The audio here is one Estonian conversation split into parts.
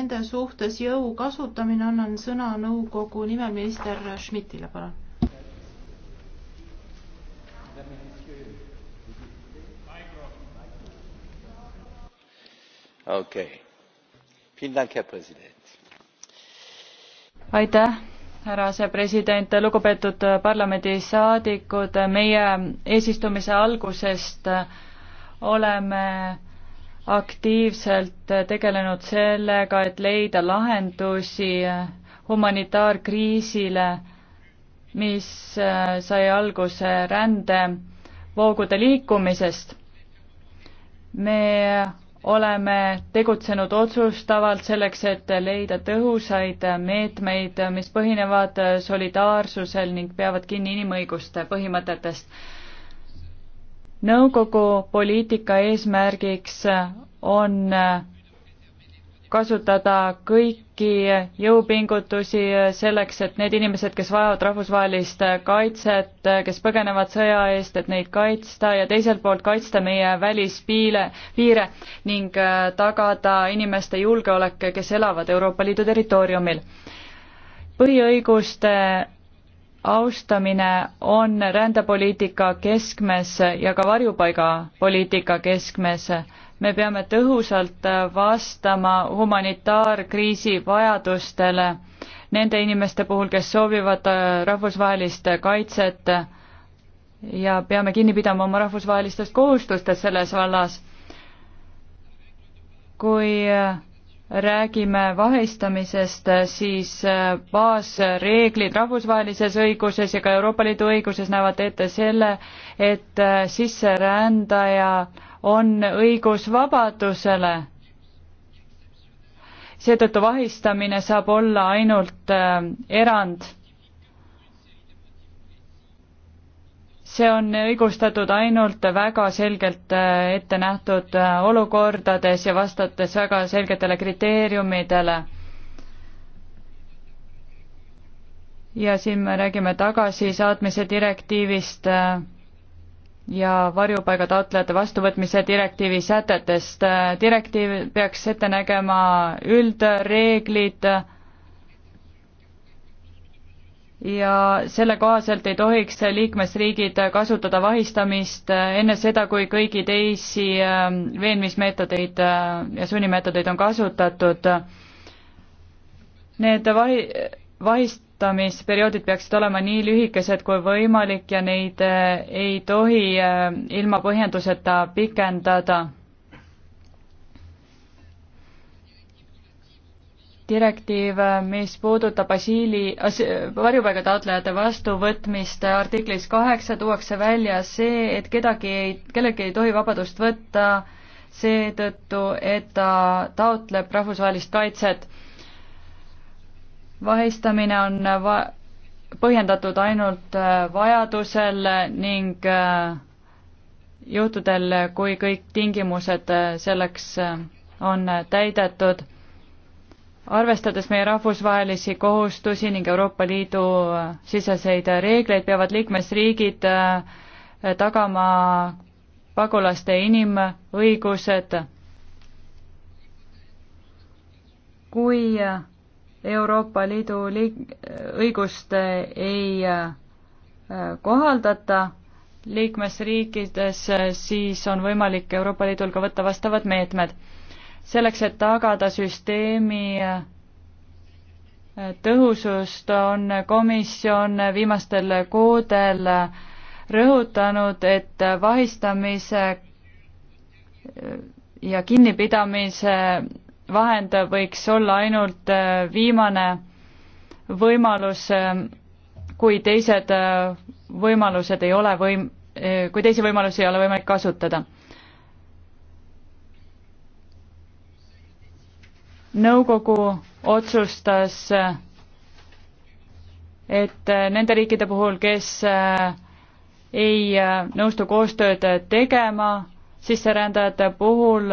nende suhtes jõu kasutamine, annan sõna nõukogu nimel minister Schmidtile, palun. okei okay., aitäh, härra asepresident, lugupeetud parlamendisaadikud, meie eesistumise algusest oleme aktiivselt tegelenud sellega, et leida lahendusi humanitaarkriisile, mis sai alguse rändevoogude liikumisest. me oleme tegutsenud otsustavalt selleks, et leida tõhusaid meetmeid, mis põhinevad solidaarsusel ning peavad kinni inimõiguste põhimõtetest nõukogu poliitika eesmärgiks on kasutada kõiki jõupingutusi selleks, et need inimesed, kes vajavad rahvusvahelist kaitset, kes põgenevad sõja eest, et neid kaitsta ja teiselt poolt kaitsta meie välispiire, piire ning äh, tagada inimeste julgeolek, kes elavad Euroopa Liidu territooriumil. põhiõiguste austamine on rändepoliitika keskmes ja ka varjupaigapoliitika keskmes. me peame tõhusalt vastama humanitaarkriisi vajadustele nende inimeste puhul, kes soovivad rahvusvahelist kaitset ja peame kinni pidama oma rahvusvahelistest kohustustest selles vallas. kui räägime vahistamisest, äh, siis äh, baasreeglid rahvusvahelises õiguses ja ka Euroopa Liidu õiguses näevad ette selle, et äh, sisserändaja on õigus vabadusele. seetõttu vahistamine saab olla ainult erand see on õigustatud ainult väga selgelt äh, ette nähtud äh, olukordades ja vastates väga selgetele kriteeriumidele. ja siin me räägime tagasisaatmise direktiivist äh, ja varjupaiga taotlejate vastuvõtmise direktiivi sätetest. direktiiv peaks ette nägema üldreeglid ja selle kohaselt ei tohiks liikmesriigid kasutada vahistamist enne seda, kui kõigi teisi ähm, veenmismeetodeid äh, ja sunnimeetodeid on kasutatud. Need vahi, vahistamisperioodid peaksid olema nii lühikesed kui võimalik ja neid äh, ei tohi äh, ilma põhjenduseta pikendada direktiiv, mis puudutab asiili as,, varjupaiga taotlejate vastuvõtmist, artiklis kaheksa tuuakse välja see, et kedagi ei, kellelgi ei tohi vabadust võtta seetõttu, et ta taotleb rahvusvahelist kaitset. vahistamine on va-, põhjendatud ainult äh, vajadusel ning äh, juhtudel, kui kõik tingimused äh, selleks on täidetud arvestades meie rahvusvahelisi kohustusi ning Euroopa Liidu siseseid reegleid, peavad liikmesriigid äh, tagama pagulaste inimõigused. kui äh, Euroopa Liidu liik-, õigust ei äh, kohaldata liikmesriikides, siis on võimalik Euroopa Liidul ka võtta vastavad meetmed selleks, et tagada süsteemi äh, tõhusust, on komisjon viimastel kuudel rõhutanud, et vahistamise äh, ja kinnipidamise vahend võiks olla ainult äh, viimane võimalus, kui teised võimalused ei ole võim-, kui teisi võimalusi ei ole võimalik kasutada nõukogu otsustas, et nende riikide puhul, kes äh, ei äh, nõustu koostööd tegema sisserändajate puhul,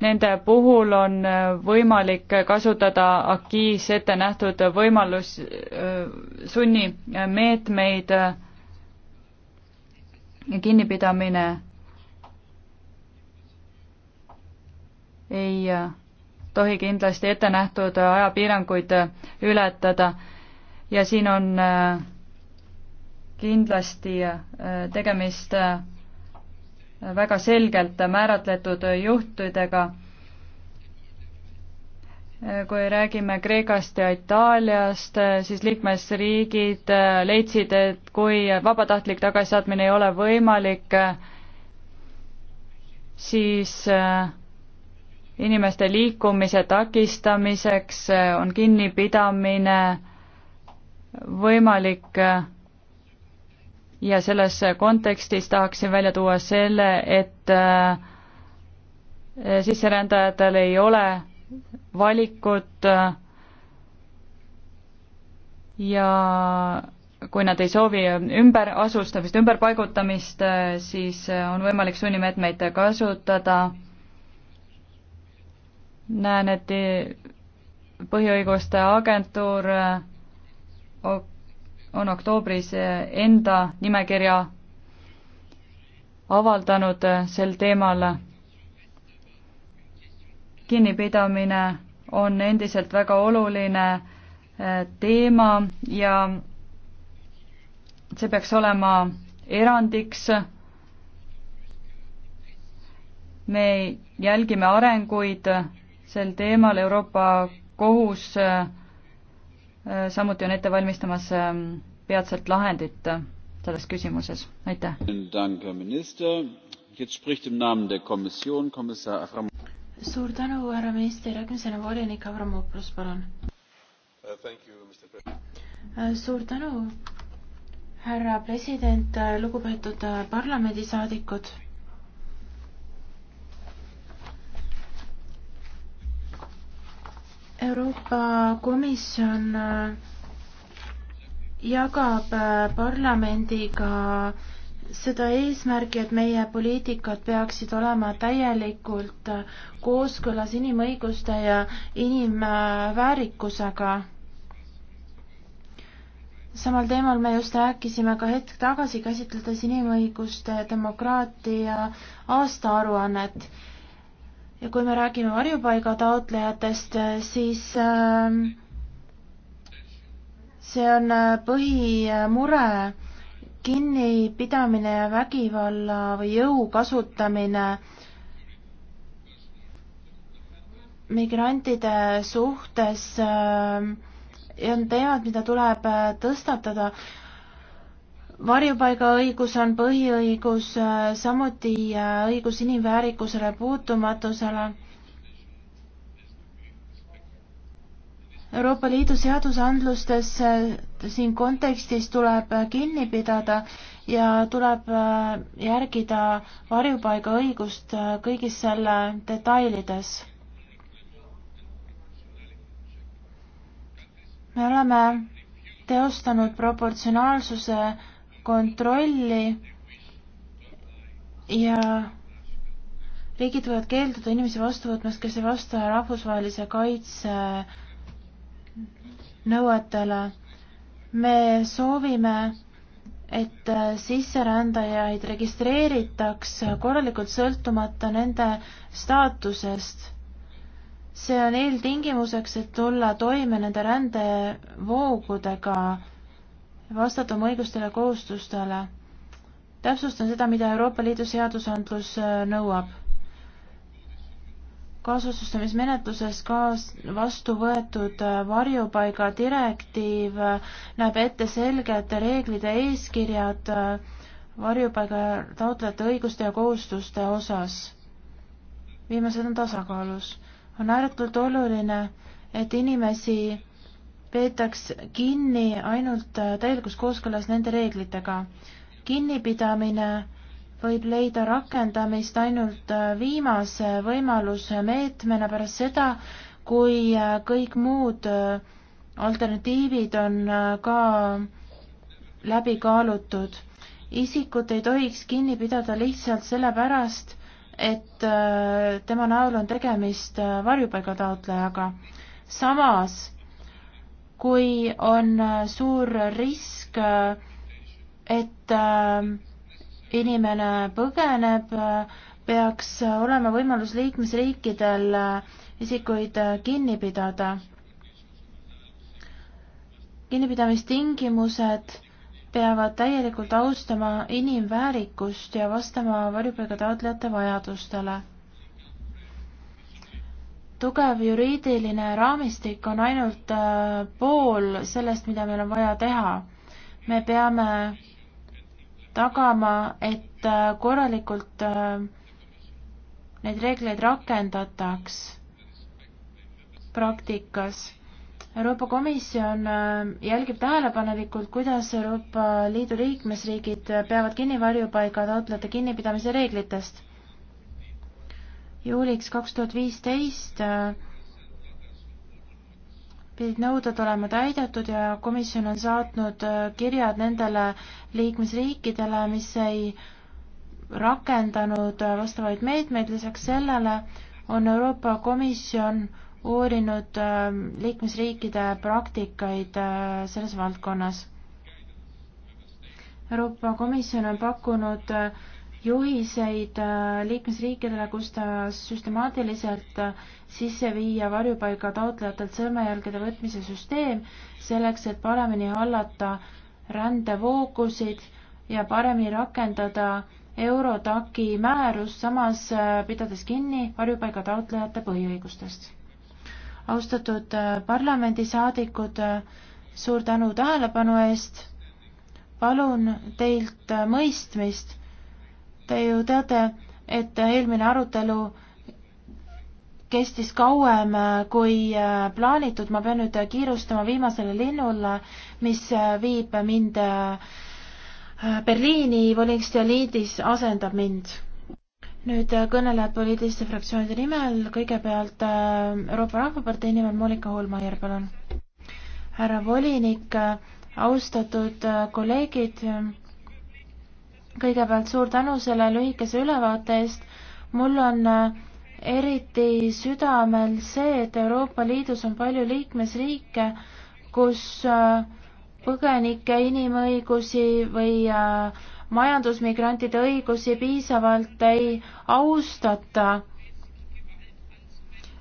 nende puhul on äh, võimalik kasutada AKIS ette nähtud võimalus sunnimeetmeid ja kinnipidamine ei tohi kindlasti ette nähtud ajapiiranguid ületada ja siin on äh, kindlasti äh, tegemist äh, väga selgelt määratletud juhtudega. kui räägime Kreekast ja Itaaliast, siis liikmesriigid leidsid, et kui vabatahtlik tagasisaatmine ei ole võimalik, siis äh, inimeste liikumise takistamiseks, eh, on kinnipidamine võimalik eh, ja selles kontekstis tahaksin välja tuua selle, et eh, sisserändajatel ei ole valikut ja kui nad ei soovi ümberasustamist, ümberpaigutamist, siis on võimalik sunnimeetmeid kasutada näen, et põhiõiguste agentuur äh, on oktoobris äh, enda nimekirja avaldanud äh, sel teemal. kinnipidamine on endiselt väga oluline teema ja see peaks olema erandiks. me jälgime arenguid sel teemal Euroopa Kohus äh, samuti on ette valmistamas ähm, peatselt lahendit äh, selles küsimuses, aitäh. suur tänu, härra minister, järgmisena volinik Avramopoulos, palun. Uh, uh, suur tänu, härra president, uh, lugupeetud parlamendisaadikud Euroopa Komisjon äh, jagab äh, parlamendiga seda eesmärki, et meie poliitikad peaksid olema täielikult äh, kooskõlas inimõiguste ja inimväärikusega. samal teemal me just rääkisime ka hetk tagasi, käsitledes inimõiguste ja demokraatia aastaaruannet ja kui me räägime varjupaiga taotlejatest, äh, siis ähm, see on äh, põhimure, kinnipidamine ja vägivalla või jõu kasutamine migrantide suhtes on ähm, teemad, mida tuleb äh, tõstatada varjupaigaõigus on põhiõigus, samuti äh, õigus inimväärikusele, puutumatusele. Euroopa Liidu seadusandlustes äh, siin kontekstis tuleb äh, kinni pidada ja tuleb järgida varjupaigaõigust kõigis selle detailides. me oleme teostanud proportsionaalsuse kontrolli ja riigid võivad keelduda inimesi vastu võtmast, kes ei vasta rahvusvahelise kaitse nõuetele. me soovime, et sisserändajaid registreeritaks korralikult sõltumata nende staatusest. see on eeltingimuseks, et tulla toime nende rändevoogudega vastata oma õigustele ja kohustustele. täpsustan seda, mida Euroopa Liidu seadusandlus äh, nõuab. kaasasustamismenetluses kaas-, vastu võetud äh, varjupaiga direktiiv äh, näeb ette selged reeglid ja eeskirjad varjupaiga taotlejate õiguste ja kohustuste osas. viimased on tasakaalus. on ääretult oluline, et inimesi peetaks kinni ainult äh, täielikus kooskõlas nende reeglitega. kinnipidamine võib leida rakendamist ainult äh, viimase võimaluse meetmena pärast seda, kui äh, kõik muud alternatiivid on ka läbi kaalutud. isikut ei tohiks kinni pidada lihtsalt sellepärast, et tema näol on tegemist varjupaigataotlejaga. samas kui on äh, suur risk, äh, et äh, inimene põgeneb, peaks olema võimalus liikmesriikidel isikuid kinni pidada. kinnipidamistingimused peavad täielikult austama inimväärikust ja vastama varjupaigataotlejate vajadustele tugev juriidiline raamistik on ainult äh, pool sellest, mida meil on vaja teha. me peame tagama, et äh, korralikult äh, neid reegleid rakendataks praktikas. Euroopa Komisjon jälgib tähelepanelikult, kuidas Euroopa Liidu liikmesriigid peavad kinni varjupaiga taotlejate kinnipidamise reeglitest juuliks kaks tuhat viisteist äh, pidid nõuded olema täidetud ja komisjon on saatnud äh, kirjad nendele liikmesriikidele, mis ei rakendanud äh, vastavaid meetmeid, lisaks sellele on Euroopa Komisjon uurinud liikmesriikide praktikaid selles valdkonnas. Euroopa Komisjon on pakkunud äh, juhiseid äh, liikmesriikidele, kus ta süstemaatiliselt äh, sisse viia varjupaiga taotlejatelt sõrmejälgede võtmise süsteem selleks, et paremini hallata rändevoogusid ja paremini rakendada Eurotaki määrus, samas äh, pidades kinni varjupaiga taotlejate põhiõigustest. austatud parlamendisaadikud, suur tänu tähelepanu eest. palun teilt mõistmist Te ju teate, et eelmine arutelu kestis kauem äh, kui äh, plaanitud, ma pean nüüd kiirustama viimasele linnule, mis äh, viib mind Berliini, Volinks ja Liidis asendab mind. nüüd kõnelejad poliitiliste fraktsioonide nimel, kõigepealt Euroopa Rahvapartei nimel Monika Holmaier, palun. härra volinik, austatud kolleegid kõigepealt suur tänu selle lühikese ülevaate eest. mul on äh, eriti südamel see, et Euroopa Liidus on palju liikmesriike, kus äh, põgenike inimõigusi või äh, majandusmigrantide õigusi piisavalt ei austata.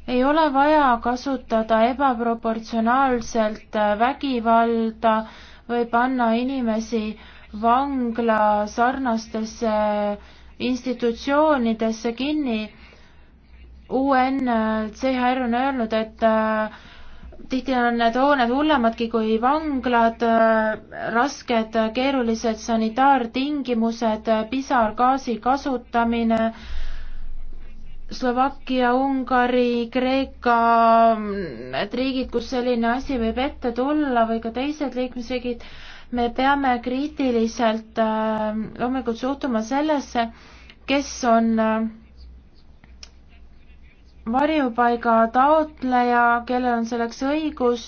ei ole vaja kasutada ebaproportsionaalselt vägivalda või panna inimesi vangla sarnastesse institutsioonidesse kinni. UNCHR on öelnud, et äh, tihti on need hooned hullemadki kui vanglad, äh, rasked, keerulised sanitaartingimused, äh, pisargaasi kasutamine, Slovakkia, Ungari, Kreeka, need mm, riigid, kus selline asi võib ette tulla või ka teised liikmesriigid me peame kriitiliselt äh, loomulikult suhtuma sellesse, kes on äh, varjupaiga taotleja, kellel on selleks õigus,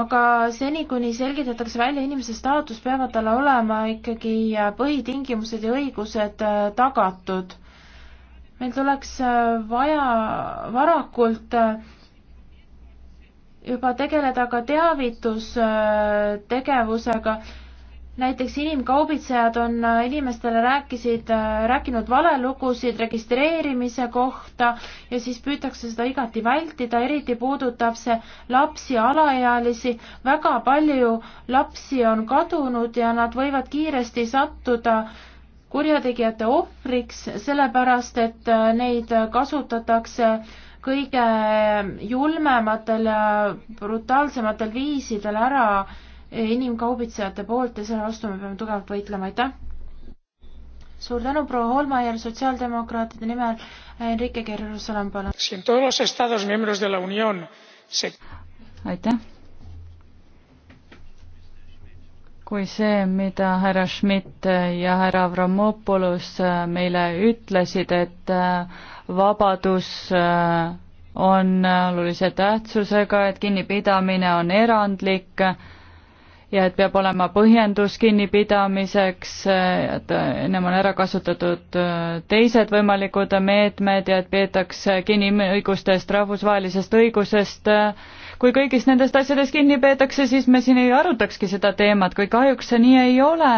aga seni, kuni selgitatakse välja inimese staatus, peavad tal olema ikkagi äh, põhitingimused ja õigused tagatud. meil tuleks vaja varakult juba tegeleda ka teavitustegevusega. näiteks inimkaubitsejad on äh, inimestele rääkisid, äh, rääkinud valelugusid registreerimise kohta ja siis püütakse seda igati vältida, eriti puudutab see lapsi, alaealisi. väga palju lapsi on kadunud ja nad võivad kiiresti sattuda kurjategijate ohvriks, sellepärast et äh, neid kasutatakse kõige julmematel ja brutaalsematel viisidel ära inimkaubitsejate poolt ja selle vastu me peame tugevalt võitlema, aitäh! suur tänu, proua Holmajärv, sotsiaaldemokraatide nimel Enrique Guerrero Salam, palun! aitäh! kui see, mida härra Schmidt ja härra Avramopoulos äh, meile ütlesid, et äh, vabadus äh, on olulise tähtsusega, et kinnipidamine on erandlik ja et peab olema põhjendus kinnipidamiseks, et ennem on ära kasutatud teised võimalikud meetmed ja et peetakse kinni õigustest, rahvusvahelisest õigusest kui kõigist nendest asjadest kinni peetakse, siis me siin ei arutakski seda teemat, kui kahjuks see nii ei ole.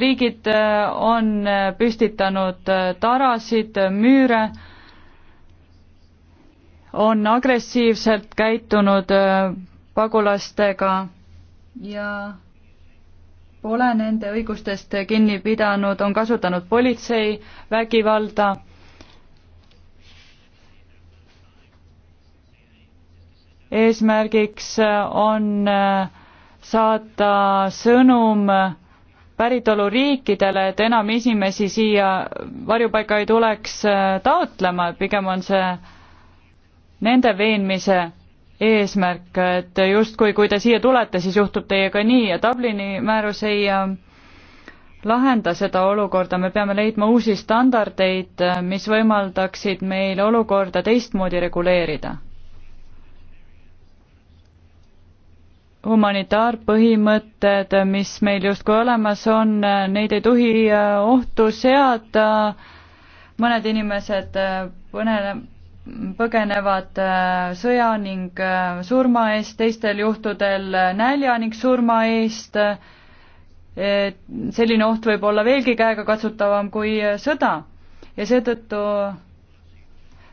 riigid äh, on äh, püstitanud äh, tarasid, müüre, on agressiivselt käitunud pagulastega ja pole nende õigustest kinni pidanud, on kasutanud politsei vägivalda eesmärgiks äh, on äh, saata sõnum päritoluriikidele, et enam inimesi siia varjupaika ei tuleks äh, taotlema, pigem on see nende veenmise eesmärk, et justkui kui te siia tulete, siis juhtub teiega nii ja Dublini määrus ei lahenda seda olukorda, me peame leidma uusi standardeid, mis võimaldaksid meil olukorda teistmoodi reguleerida humanitaarpõhimõtted, mis meil justkui olemas on, neid ei tohi äh, ohtu seada. mõned inimesed äh, põne-, põgenevad äh, sõja ning surma eest, teistel juhtudel nälja ning surma eest. selline oht võib olla veelgi käegakatsutavam kui sõda ja seetõttu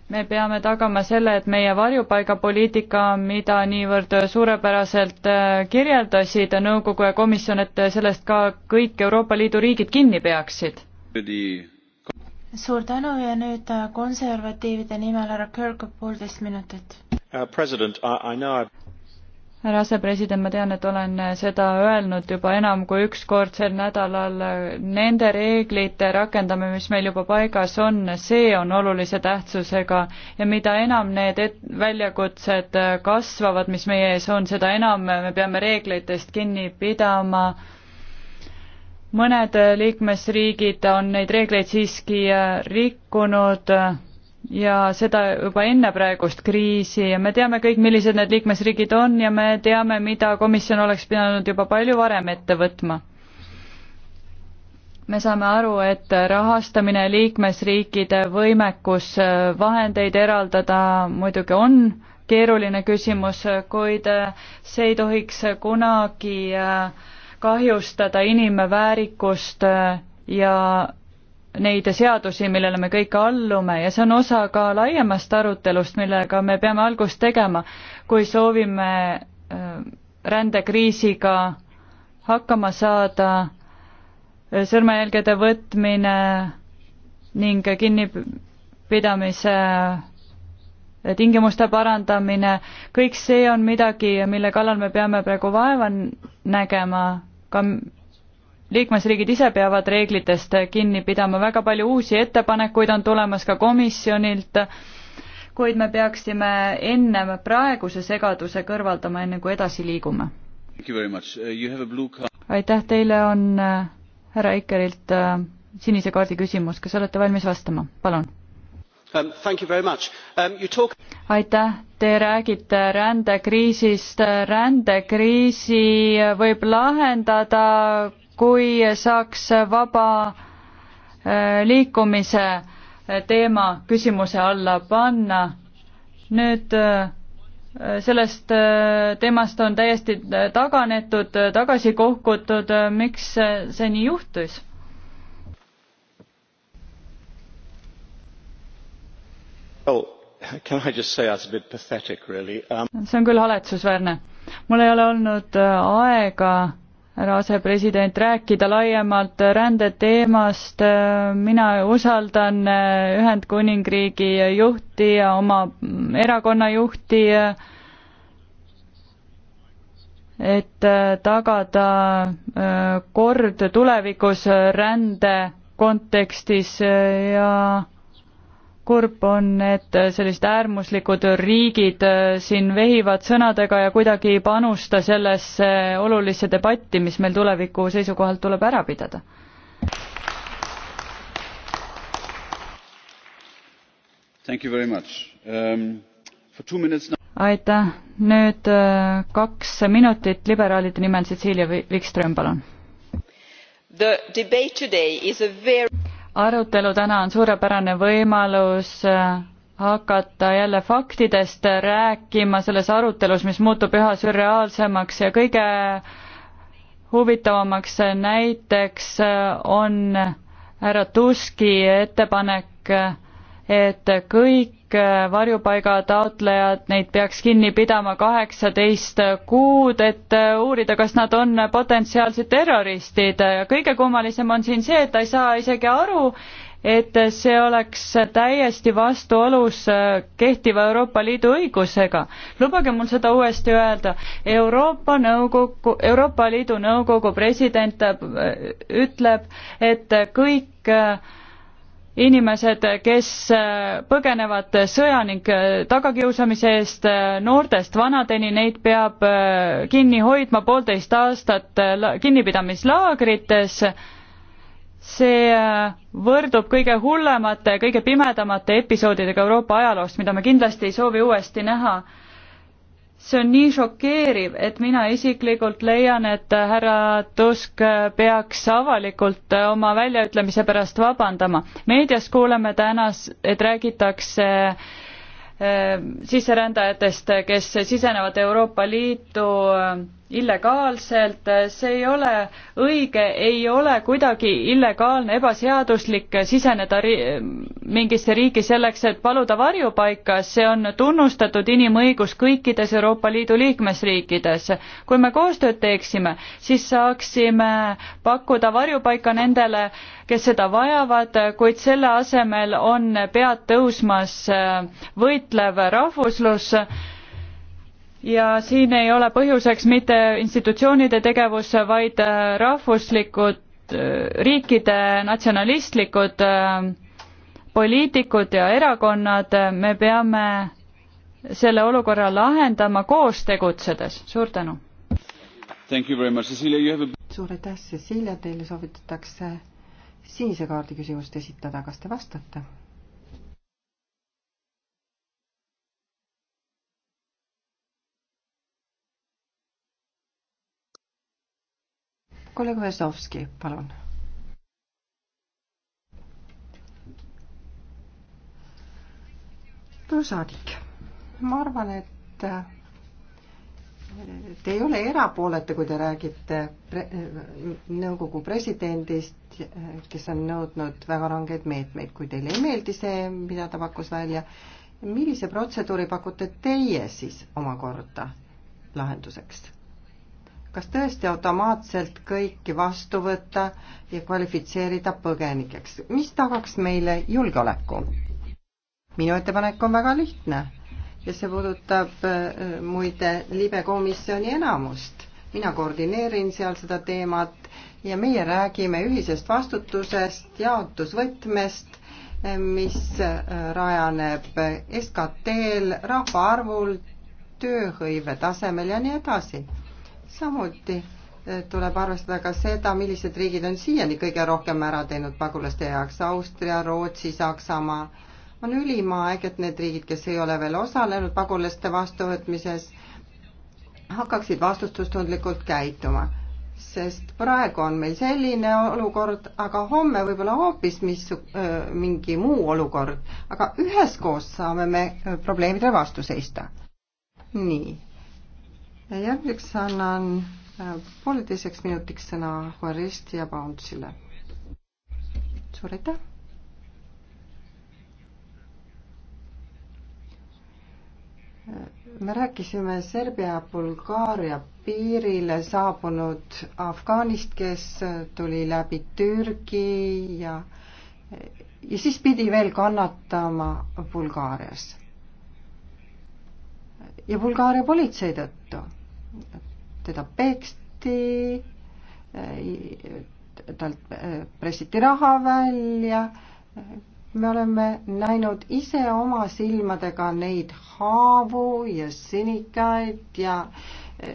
me peame tagama selle, et meie varjupaigapoliitika, mida niivõrd suurepäraselt äh, kirjeldasid nõukogu ja komisjon, et sellest ka kõik Euroopa Liidu riigid kinni peaksid. suur tänu ja nüüd äh, konservatiivide nimel härra Kirkup, poolteist minutit. Äh, härra asepresident, ma tean, et olen seda öelnud juba enam kui üks kord sel nädalal, nende reeglite rakendamine, mis meil juba paigas on, see on olulise tähtsusega ja mida enam need et-, väljakutsed kasvavad, mis meie ees on, seda enam me peame reeglitest kinni pidama mõned liikmesriigid on neid reegleid siiski rikkunud ja seda juba enne praegust kriisi ja me teame kõik, millised need liikmesriigid on ja me teame, mida komisjon oleks pidanud juba palju varem ette võtma. me saame aru, et rahastamine liikmesriikide võimekus äh, vahendeid eraldada muidugi on keeruline küsimus, kuid äh, see ei tohiks kunagi äh, kahjustada inimväärikust ja neid seadusi, millele me kõik allume ja see on osa ka laiemast arutelust, millega me peame algust tegema, kui soovime äh, rändekriisiga hakkama saada, äh, sõrmejälgede võtmine ning kinnipidamise äh, tingimuste parandamine, kõik see on midagi, mille kallal me peame praegu vaeva nägema, ka liikmesriigid ise peavad reeglitest kinni pidama, väga palju uusi ettepanekuid on tulemas ka komisjonilt, kuid me peaksime ennem praeguse segaduse kõrvaldama, enne kui edasi liigume. Uh, aitäh, teile on uh, härra Ikerilt uh, sinise kaardi küsimus, kas olete valmis vastama, palun? Um, um, talk... aitäh te räägite rändekriisist rändekriisi võib lahendada kui saaks vaba äh, liikumise äh, teema küsimuse alla panna. nüüd äh, sellest teemast on täiesti taganetud, tagasi kohkutud, miks see nii juhtus? Um, see on küll haletsusväärne. mul ei ole olnud aega härra asepresident, rääkida laiemalt rändeteemast. mina usaldan äh, Ühendkuningriigi juhti ja oma mm, erakonna juhti, äh, et äh, tagada kord tulevikus rände kontekstis ja kurb on, et sellised äärmuslikud riigid äh, siin vehivad sõnadega ja kuidagi ei panusta sellesse olulisse debatti, mis meil tuleviku seisukohalt tuleb ära pidada. Um, aitäh, nüüd äh, kaks minutit liberaalide nimel, Cecilia Wikström, palun. The debate today is a very arutelu täna on suurepärane võimalus äh, hakata jälle faktidest äh, rääkima selles arutelus, mis muutub üha sürreaalsemaks ja kõige huvitavamaks äh, näiteks on härra Tuski ettepanek et kõik äh, varjupaiga taotlejad, neid peaks kinni pidama kaheksateist kuud, et äh, uurida, kas nad on potentsiaalsed terroristid ja kõige kummalisem on siin see, et ta ei saa isegi aru, et see oleks täiesti vastuolus äh, kehtiva Euroopa Liidu õigusega. lubage mul seda uuesti öelda. Euroopa Nõukogu, Euroopa Liidu Nõukogu president ütleb, et kõik inimesed, kes äh, põgenevad sõja ning äh, tagakiusamise eest äh, noortest vanadeni, neid peab kinni hoidma poolteist aastat kinnipidamislaagrites. see võrdub kõige hullemate, kõige pimedamate episoodidega Euroopa ajaloost, mida me kindlasti ei soovi uuesti näha see on nii šokeeriv, et mina isiklikult leian, et härra Tusk peaks avalikult oma väljaütlemise pärast vabandama. meedias kuuleme täna, et räägitakse eh, sisserändajatest, kes sisenevad Euroopa Liitu eh, illegaalselt, see ei ole õige, ei ole kuidagi illegaalne, ebaseaduslik siseneda ri mingisse riiki selleks, et paluda varjupaika, see on tunnustatud inimõigus kõikides Euroopa Liidu liikmesriikides. kui me koostööd teeksime, siis saaksime pakkuda varjupaika nendele, kes seda vajavad, kuid selle asemel on pead tõusmas võitlev rahvuslus ja siin ei ole põhjuseks mitte institutsioonide tegevus, vaid äh, rahvuslikud, äh, riikide natsionalistlikud äh, poliitikud ja erakonnad, me peame selle olukorra lahendama koos tegutsedes, suur tänu! suur aitäh, Cecilia, teile soovitatakse sinise kaardi küsimust esitada, kas te vastate? kolleeg Vesovski, palun. saadik, ma arvan, et te ei ole erapooletu, kui te räägite pre nõukogu presidendist, kes on nõudnud väga rangeid meetmeid, kui teile ei meeldi see, mida ta pakkus välja, millise protseduuri pakute teie siis omakorda lahenduseks? kas tõesti automaatselt kõiki vastu võtta ja kvalifitseerida põgenikeks, mis tagaks meile julgeoleku? minu ettepanek on väga lihtne ja see puudutab äh, muide libe komisjoni enamust. mina koordineerin seal seda teemat ja meie räägime ühisest vastutusest, jaotusvõtmest äh, mis äh, rajaneb SKT-l, rahvaarvul, tööhõive tasemel ja nii edasi samuti eh, tuleb arvestada ka seda, millised riigid on siiani kõige rohkem ära teinud pagulaste jaoks, Austria, Rootsi, Saksamaa. on ülim aeg, et need riigid, kes ei ole veel osalenud pagulaste vastuvõtmises, hakkaksid vastutustundlikult käituma. sest praegu on meil selline olukord, aga homme võib-olla hoopis mis, eh, mingi muu olukord, aga üheskoos saame me eh, probleemidele vastu seista. nii ja järgmiseks annan äh, pooleteiseks minutiks sõna Juaresti ja Bounce'ile. suur aitäh! me rääkisime Serbia-Bulgaaria piirile saabunud Afgaanist, kes tuli läbi Türgi ja, ja siis pidi veel kannatama Bulgaarias. ja Bulgaaria politsei tõttu teda peksti, talt pressiti raha välja, me oleme näinud ise oma silmadega neid haavu ja sinikaid ja e,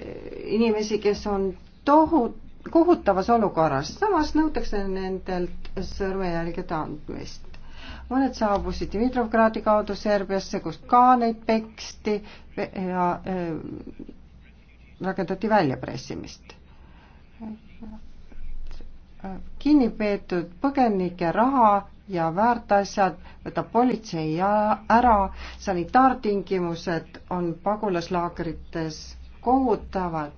inimesi, kes on tohutu kohutavas olukorras, samas nõutakse nendelt sõrmejälgede andmist. mõned saabusid Dmitrovgradi kaudu Serbiasse, kus ka neid peksti ja e, rakendati väljapressimist. kinni peetud põgenike raha ja väärtasjad võtab politsei ära, sanitaartingimused on pagulaslaagrites kohutavad.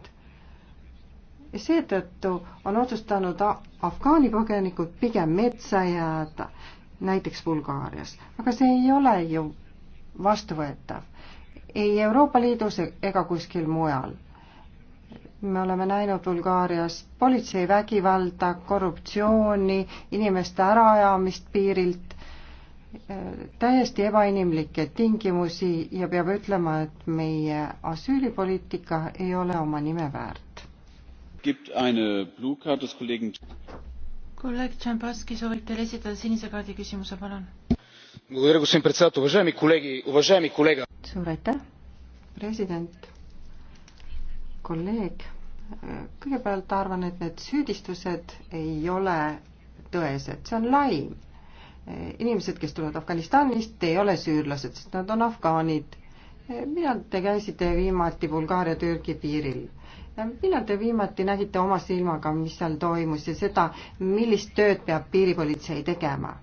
seetõttu on otsustanud afgaani põgenikud pigem metsa jääda, näiteks Bulgaarias, aga see ei ole ju vastuvõetav ei Euroopa Liidus ega kuskil mujal me oleme näinud Bulgaarias politsei vägivalda, korruptsiooni, inimeste äraajamist piirilt, äh, täiesti ebainimlikke tingimusi ja peab ütlema, et meie asüülipoliitika ei ole oma nime väärt. kolleeg Tšambaski soovib teile esitada sinise kaardi küsimuse, palun. suur aitäh, president, kolleeg kõigepealt arvan, et need süüdistused ei ole tõesed, see on laim. inimesed, kes tulevad Afganistanist, ei ole süürlased, sest nad on afgaanid. millal te käisite viimati Bulgaaria-Türgi piiril? millal te viimati nägite oma silmaga, mis seal toimus ja seda, millist tööd peab piiripolitsei tegema?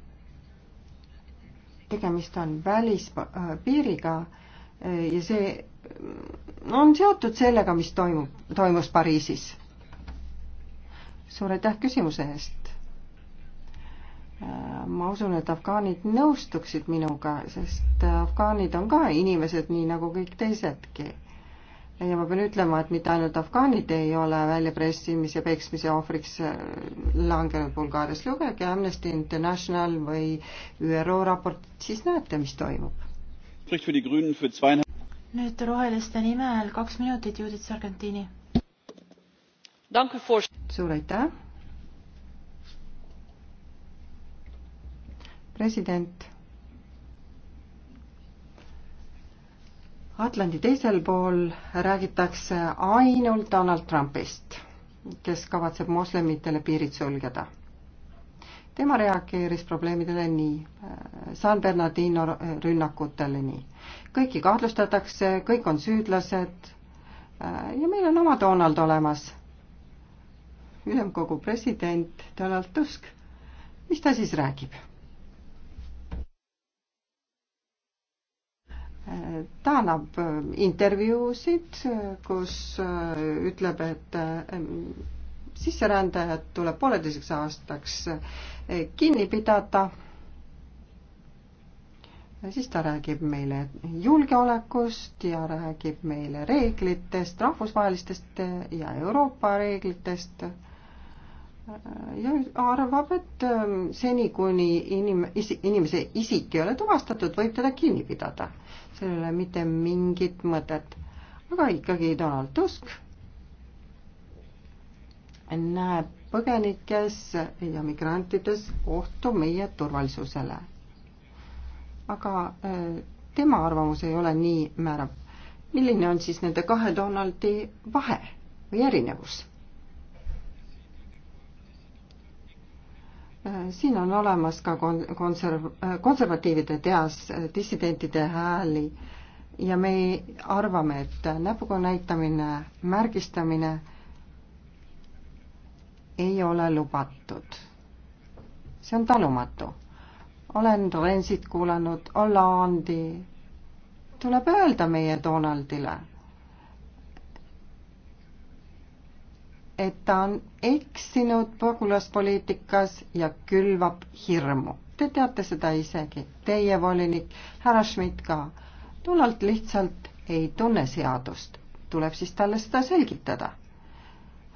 tegemist on välispiiriga ja see on seotud sellega, mis toimub, toimus Pariisis. suur aitäh küsimuse eest. Äh, ma usun, et afgaanid nõustuksid minuga, sest afgaanid on ka inimesed, nii nagu kõik teisedki. ja ma pean ütlema, et mitte ainult afgaanid ei ole väljapressimise, peksmise ohvriks äh, langenud Bulgaarias. lugege Amnesty International või ÜRO raportit, siis näete, mis toimub. spricht für die Grünen für zweieinhalb nüüd roheliste nimel kaks minutit, Judith Sargentini. suur aitäh. president. Atlandi teisel pool räägitakse ainult Donald Trumpist, kes kavatseb moslemitele piirid sulgeda tema reageeris probleemidele nii, äh, San Bernardino rünnakutele nii kõiki kahtlustatakse, kõik on süüdlased äh, ja meil on oma Donald olemas. ülemkogu president Donald Tusk, mis ta siis räägib? Äh, ta annab äh, intervjuusid, kus ütleb, et sisserändajad tuleb pooleteiseks aastaks kinni pidada ja siis ta räägib meile julgeolekust ja räägib meile reeglitest, rahvusvahelistest ja Euroopa reeglitest. ja arvab, et ähm, seni, kuni inim-, inimese isik ei ole tuvastatud, võib teda kinni pidada. sellel ei ole mitte mingit mõtet. aga ikkagi Donald Tusk näeb põgenikes ja migrantides ohtu meie turvalisusele aga äh, tema arvamus ei ole nii määrav. milline on siis nende kahe Donaldi vahe või erinevus? Äh, siin on olemas ka kon-, konserv-, äh, konservatiivide teas dissidentide hääli ja me arvame, et näpuga näitamine, märgistamine ei ole lubatud. see on talumatu olen Dorensit kuulanud, Hollandi. tuleb öelda meie Donaldile, et ta on eksinud pagulaspoliitikas ja külvab hirmu. Te teate seda isegi, teie volinik, härra Schmidt ka. Donald lihtsalt ei tunne seadust, tuleb siis talle seda selgitada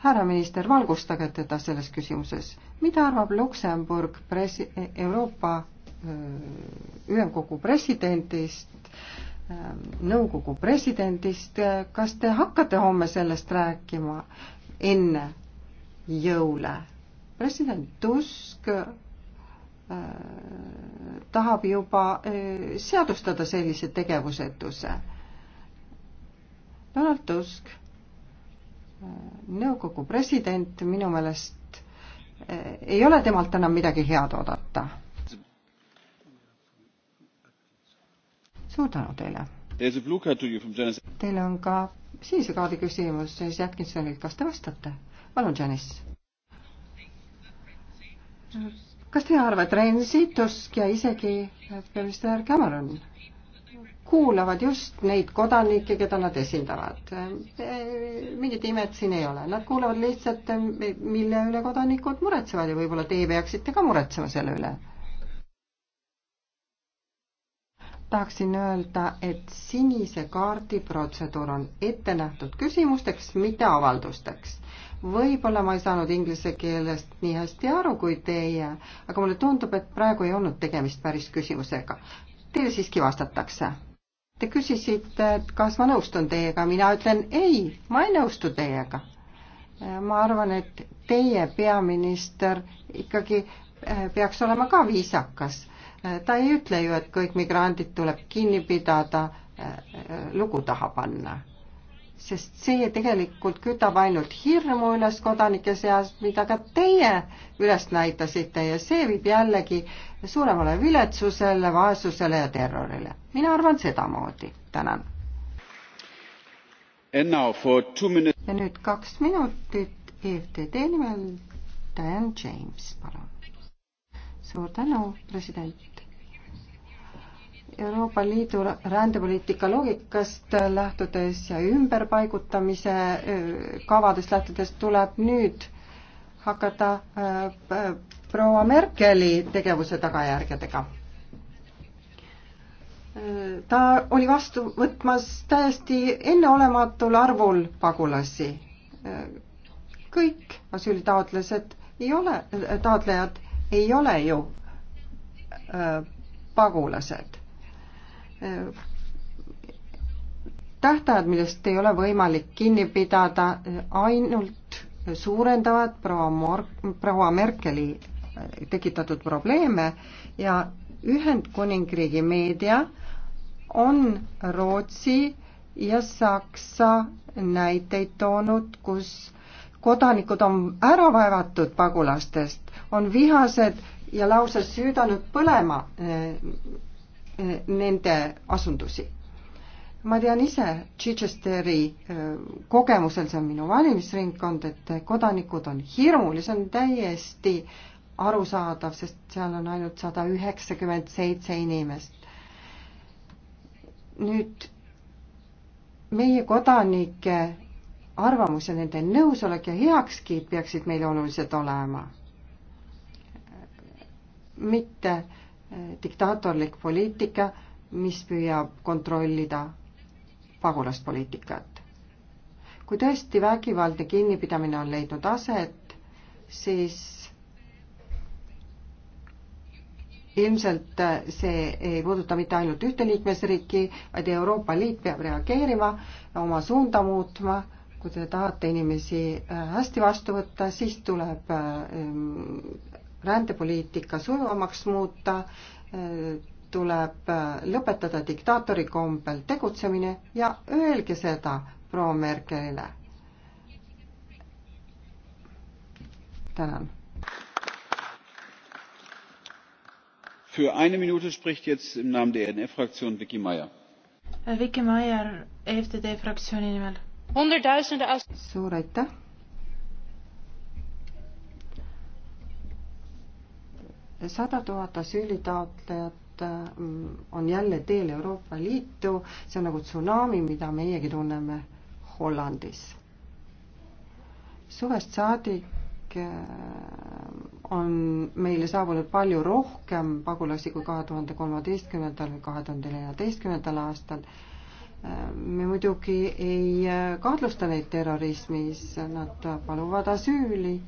härra minister, valgustage teda selles küsimuses. mida arvab Luksemburg presi-, Euroopa Äh, ülemkogu presidendist, äh, nõukogu presidendist, kas te hakkate homme sellest rääkima enne jõule? president Tusk äh, tahab juba seadustada sellise tegevusetuse. Donald Tusk, nõukogu president, minu meelest ei ole temalt enam midagi head oodata suur tänu teile. Teil on ka sinise kaardi küsimus, siis Jätkinsonilt, kas te vastate? palun, Janice. kas teie arvate, Renzi, Tusk ja isegi peaminister Cameron kuulavad just neid kodanikke, keda nad esindavad. mingit imet siin ei ole, nad kuulavad lihtsalt, mille üle kodanikud muretsevad ja võib-olla teie peaksite ka muretsema selle üle tahaksin öelda, et sinise kaardi protseduur on ette nähtud küsimusteks, mitte avaldusteks. võib-olla ma ei saanud inglise keelest nii hästi aru kui teie, aga mulle tundub, et praegu ei olnud tegemist päris küsimusega. Teile siiski vastatakse. Te küsisite, et kas ma nõustun teiega, mina ütlen ei, ma ei nõustu teiega. ma arvan, et teie peaminister ikkagi eh, peaks olema ka viisakas Eh, ta ei ütle ju, et kõik migrandid tuleb kinni pidada, eh, eh, lugu taha panna. sest see tegelikult kütab ainult hirmu üles kodanike seas, mida ka teie üles näitasite ja see viib jällegi suuremale viletsusele, vaesusele ja terrorile. mina arvan sedamoodi. tänan. ja nüüd kaks minutit EFTD nimel Diane James, palun. suur tänu, president Euroopa Liidu rändepoliitika loogikast lähtudes ja ümberpaigutamise kavadest lähtudes tuleb nüüd hakata proua Merkeli tegevuse tagajärgedega. ta oli vastu võtmas täiesti enneolematul arvul pagulasi. kõik asüülitaotlased ei ole, taotlejad ei ole ju pagulased tähtajad, millest ei ole võimalik kinni pidada, ainult suurendavad proua Mor-, proua Merkeli tekitatud probleeme ja Ühendkuningriigi meedia on Rootsi ja Saksa näiteid toonud, kus kodanikud on ära vaevatud pagulastest, on vihased ja lausa süüdanud põlema eh, nende asundusi. ma tean ise Chichesteri äh, kogemusel, see on minu valimisringkond, et kodanikud on hirmul ja see on täiesti arusaadav, sest seal on ainult sada üheksakümmend seitse inimest. nüüd meie kodanike arvamus ja nende nõusolek ja heakskiit peaksid meile olulised olema. mitte äh, diktaatorlik poliitika, mis püüab kontrollida pagulaspoliitikat. kui tõesti vägivaldne kinnipidamine on leidnud aset, siis ilmselt see ei puuduta mitte ainult ühte liikmesriiki, vaid Euroopa Liit peab reageerima, oma suunda muutma kui te tahate inimesi äh, hästi vastu võtta, siis tuleb äh, rändepoliitika sujuvamaks muuta, tuleb lõpetada diktaatori kombel tegutsemine ja öelge seda proua Merkelile. tänan. Für eine Minute spricht jetzt im Namen der ENF-Fraktion Vicky Meyer. Vicky Meyer, EFTD-Fraktioni nimel. suur aitäh sada tuhat asüülitaotlejat mm, on jälle teel Euroopa Liitu, see on nagu tsunami, mida meiegi tunneme Hollandis. suvest saadik eh, on meile saabunud palju rohkem pagulasi kui kahe tuhande kolmeteistkümnendal või kahe tuhande neljateistkümnendal aastal. Eh, me muidugi ei eh, kahtlusta neid terrorismis, nad paluvad asüüli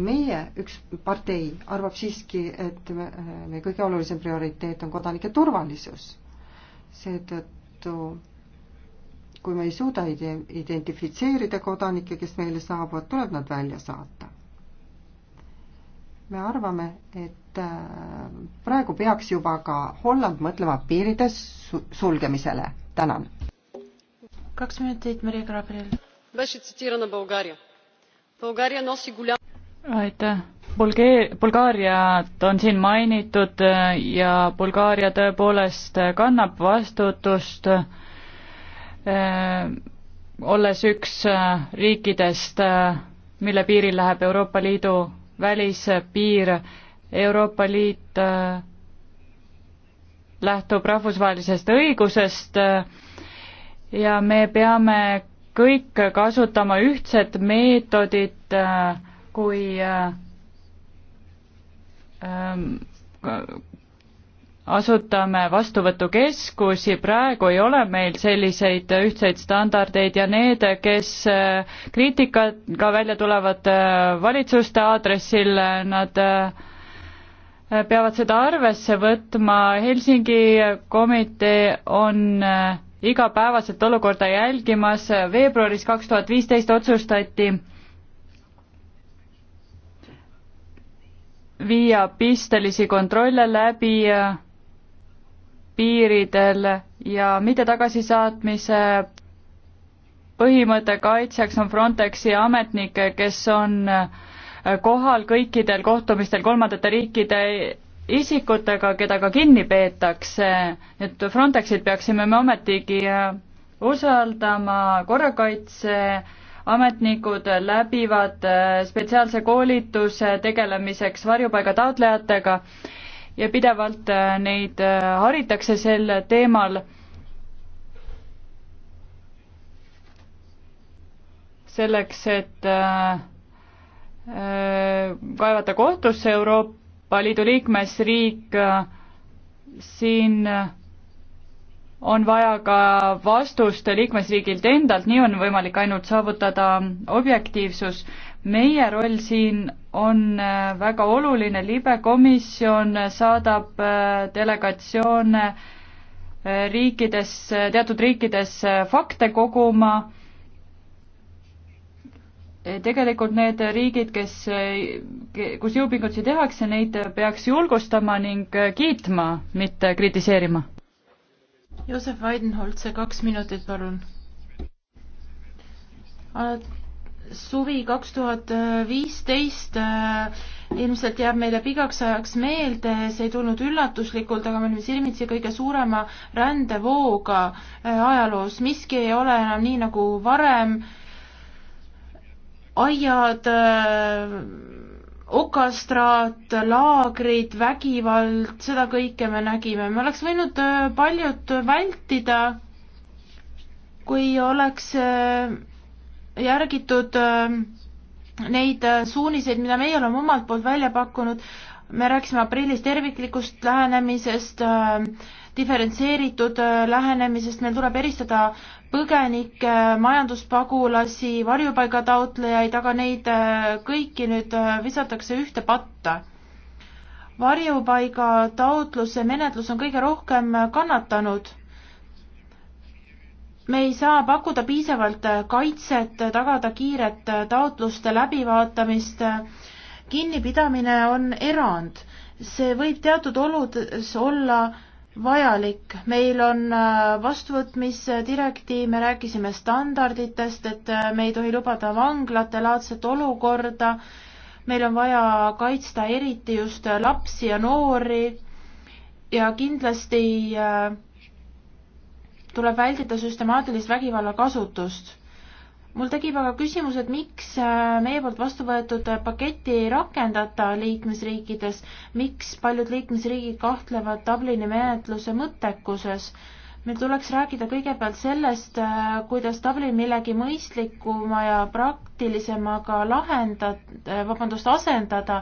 meie üks partei arvab siiski, et me, meie kõige olulisem prioriteet on kodanike turvalisus. seetõttu kui me ei suuda ide-, identifitseerida kodanikke, kes meile saabuvad, tuleb nad välja saata. me arvame, et äh, praegu peaks juba ka Holland mõtlema piiride sulgemisele. tänan. kaks minutit, Mari Kraabril aitäh. Bulgee-, Bulgaariat on siin mainitud äh, ja Bulgaaria tõepoolest kannab vastutust äh, olles üks äh, riikidest, mille piiril läheb Euroopa Liidu välispiir, Euroopa Liit lähtub rahvusvahelisest õigusest ja me peame kõik kasutama ühtset meetodit, kui ähm, asutame vastuvõtukeskusi, praegu ei ole meil selliseid ühtseid standardeid ja need, kes äh, kriitikaga välja tulevad äh, valitsuste aadressil, nad äh, peavad seda arvesse võtma, Helsingi komitee on igapäevaselt olukorda jälgimas. veebruaris kaks tuhat viisteist otsustati viia pistelisi kontrolle läbi piiridel ja mitte tagasisaatmise põhimõtte kaitsjaks on Frontexi ametnikke, kes on kohal kõikidel kohtumistel kolmandate riikide isikutega, keda ka kinni peetakse, et Frontexit peaksime me ometigi äh, usaldama, korrakaitseametnikud läbivad äh, spetsiaalse koolituse tegelemiseks varjupaiga taotlejatega ja pidevalt äh, neid haritakse sel teemal. selleks, et kaevata kohtusse Euroopa Euroopa Liidu liikmesriik, siin on vaja ka vastust liikmesriigilt endalt, nii on võimalik ainult saavutada objektiivsus. meie roll siin on väga oluline, libekomisjon saadab delegatsioone riikides, teatud riikides fakte koguma tegelikult need riigid, kes, kus jõupingutusi tehakse, neid peaks julgustama ning kiitma, mitte kritiseerima. Joosep Weidenholtse, kaks minutit, palun. suvi kaks tuhat viisteist äh, ilmselt jääb meile pigaks ajaks meelde, see ei tulnud üllatuslikult, aga me olime silmitsi kõige suurema rändevooga äh, ajaloos, miski ei ole enam nii nagu varem aiad, okastraat, laagrid, vägivald, seda kõike me nägime, me oleks võinud äh, paljud vältida, kui oleks äh, järgitud äh, neid suuniseid, mida meie oleme omalt poolt välja pakkunud, me rääkisime aprillis terviklikust lähenemisest äh,, diferentseeritud äh, lähenemisest, meil tuleb eristada põgenikke äh,, majanduspagulasi, varjupaigataotlejaid, aga neid äh, kõiki nüüd äh, visatakse ühte patta. varjupaigataotluse menetlus on kõige rohkem äh, kannatanud. me ei saa pakkuda piisavalt kaitset, tagada kiiret taotluste läbivaatamist kinnipidamine on erand, see võib teatud oludes olla vajalik, meil on äh, vastuvõtmisdirektiiv, me rääkisime standarditest, et äh, me ei tohi lubada vanglatelaadset olukorda, meil on vaja kaitsta eriti just äh, lapsi ja noori ja kindlasti tuleb vältida süstemaatilist vägivalla kasutust mul tekib aga küsimus, et miks äh, meie poolt vastu võetud äh, paketti ei rakendata liikmesriikides, miks paljud liikmesriigid kahtlevad Dublini menetluse mõttekuses? meil tuleks rääkida kõigepealt sellest, äh, kuidas Dublin millegi mõistlikuma ja praktilisemaga lahendada, vabandust, asendada.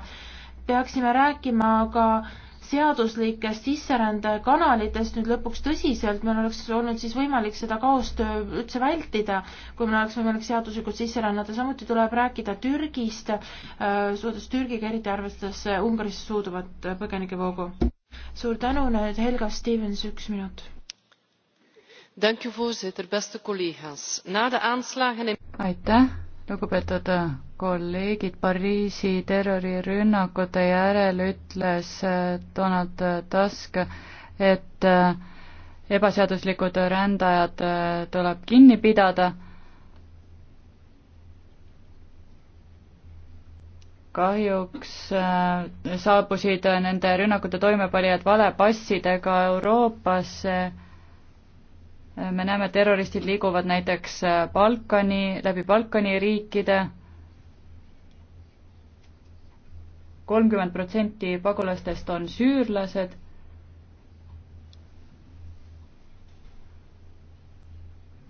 peaksime rääkima ka äh, seaduslikest sisserändekanalitest nüüd lõpuks tõsiselt, meil oleks olnud siis võimalik seda kaostöö üldse vältida, kui meil oleks võimalik seaduslikult sisse rännata, samuti tuleb rääkida Türgist, äh, suhtes Türgiga, eriti arvestades äh, Ungarisse suuduvat äh, põgenikevoogu. suur tänu, nüüd Helga Stevens, üks minut. aitäh, lugupeetud äh, kolleegid, Pariisi terrorirünnakute järel ütles äh, Donald Tusk, et äh, ebaseaduslikud rändajad tuleb kinni pidada. kahjuks saabusid nende rünnakute toimepanijad valepassidega Euroopasse me näeme, et terroristid liiguvad näiteks äh, Balkani, läbi Balkani riikide. kolmkümmend protsenti pagulastest on süürlased.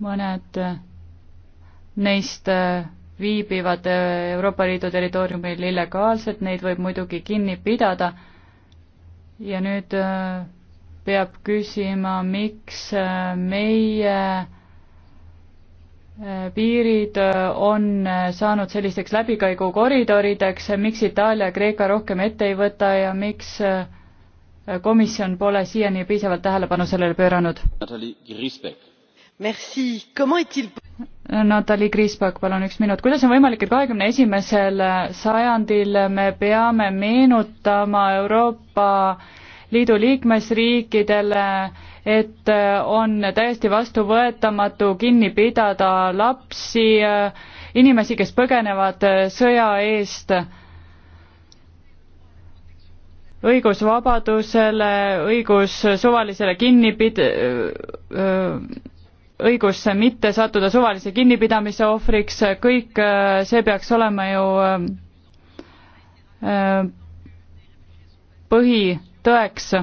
mõned äh, neist äh, viibivad Euroopa Liidu territooriumil illegaalselt, neid võib muidugi kinni pidada. ja nüüd peab küsima, miks äh, meie äh, piirid äh, on saanud sellisteks läbikaigukoridorideks, miks Itaalia ja Kreeka rohkem ette ei võta ja miks komisjon pole siiani piisavalt tähelepanu sellele pööranud? Natalja Kriisbak, palun üks minut. kuidas on võimalik, et kahekümne esimesel sajandil me peame meenutama Euroopa Liidu liikmesriikidele, et äh, on täiesti vastuvõetamatu kinni pidada lapsi, äh, inimesi, kes põgenevad äh, sõja eest õigus vabadusele, õigus suvalisele kinnipid-, õigus mitte sattuda suvalise kinnipidamise ohvriks, kõik see peaks olema ju põhi tõeks.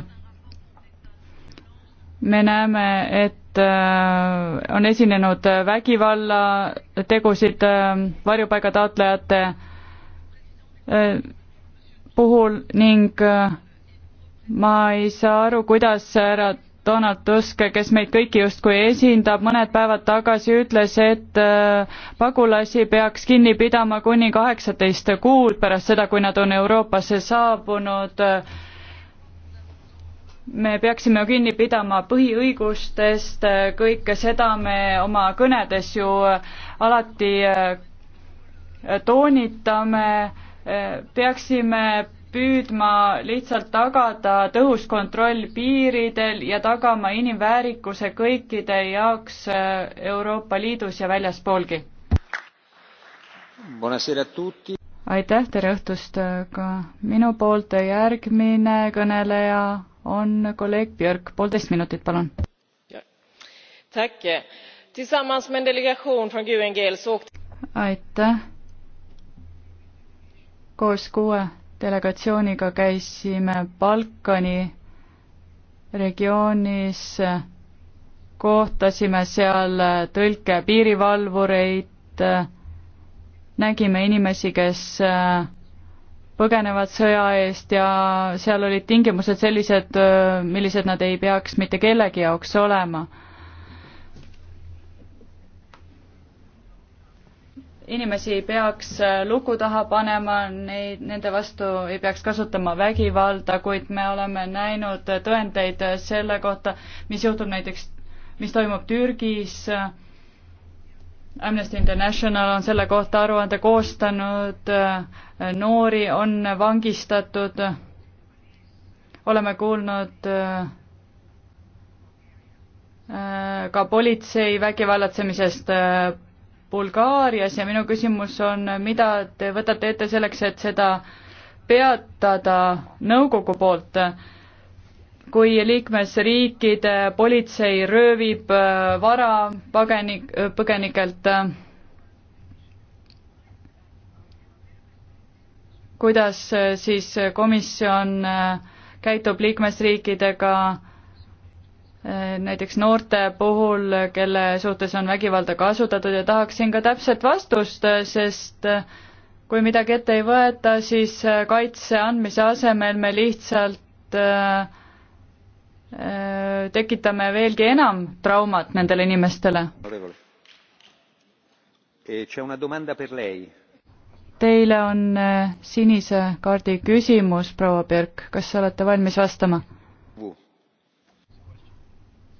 me näeme, et äh, on esinenud vägivallategusid äh, varjupaiga taotlejate äh, puhul ning ma ei saa aru, kuidas härra Donald Tusk, kes meid kõiki justkui esindab, mõned päevad tagasi ütles, et pagulasi peaks kinni pidama kuni kaheksateist kuud pärast seda, kui nad on Euroopasse saabunud me peaksime kinni pidama põhiõigustest, kõike seda me oma kõnedes ju alati äh, toonitame, äh, peaksime püüdma lihtsalt tagada tõhus kontroll piiridel ja tagama inimväärikuse kõikide jaoks äh, Euroopa Liidus ja väljaspoolgi. aitäh, tere õhtust ka minu poolt, järgmine kõneleja on kolleeg Björk, poolteist minutit, palun. aitäh. koos kuue delegatsiooniga käisime Balkani regioonis, kohtasime seal tõlke piirivalvureid, nägime inimesi, kes põgenevad sõja eest ja seal olid tingimused sellised, millised nad ei peaks mitte kellegi jaoks olema. inimesi ei peaks luku taha panema, neid, nende vastu ei peaks kasutama vägivalda, kuid me oleme näinud tõendeid selle kohta, mis juhtub näiteks, mis toimub Türgis äh, Amnesty International on selle kohta aruande koostanud, noori on vangistatud, oleme kuulnud äh, ka politsei vägivallatsemisest äh, Bulgaarias ja minu küsimus on, mida te võtate ette selleks, et seda peatada nõukogu poolt äh, kui liikmesriikide politsei röövib äh, vara pagenik-, põgenikelt. Äh, kuidas äh, siis komisjon käitub liikmesriikidega näiteks noorte puhul, kelle suhtes on vägivalda kasutatud ja tahaksin ka täpset vastust, sest kui midagi ette ei võeta, siis kaitse andmise asemel me lihtsalt äh, Äh, tekitame veelgi enam traumat nendele inimestele. Eh, Teile on äh, sinise kaardi küsimus, proua Birk, kas olete valmis vastama?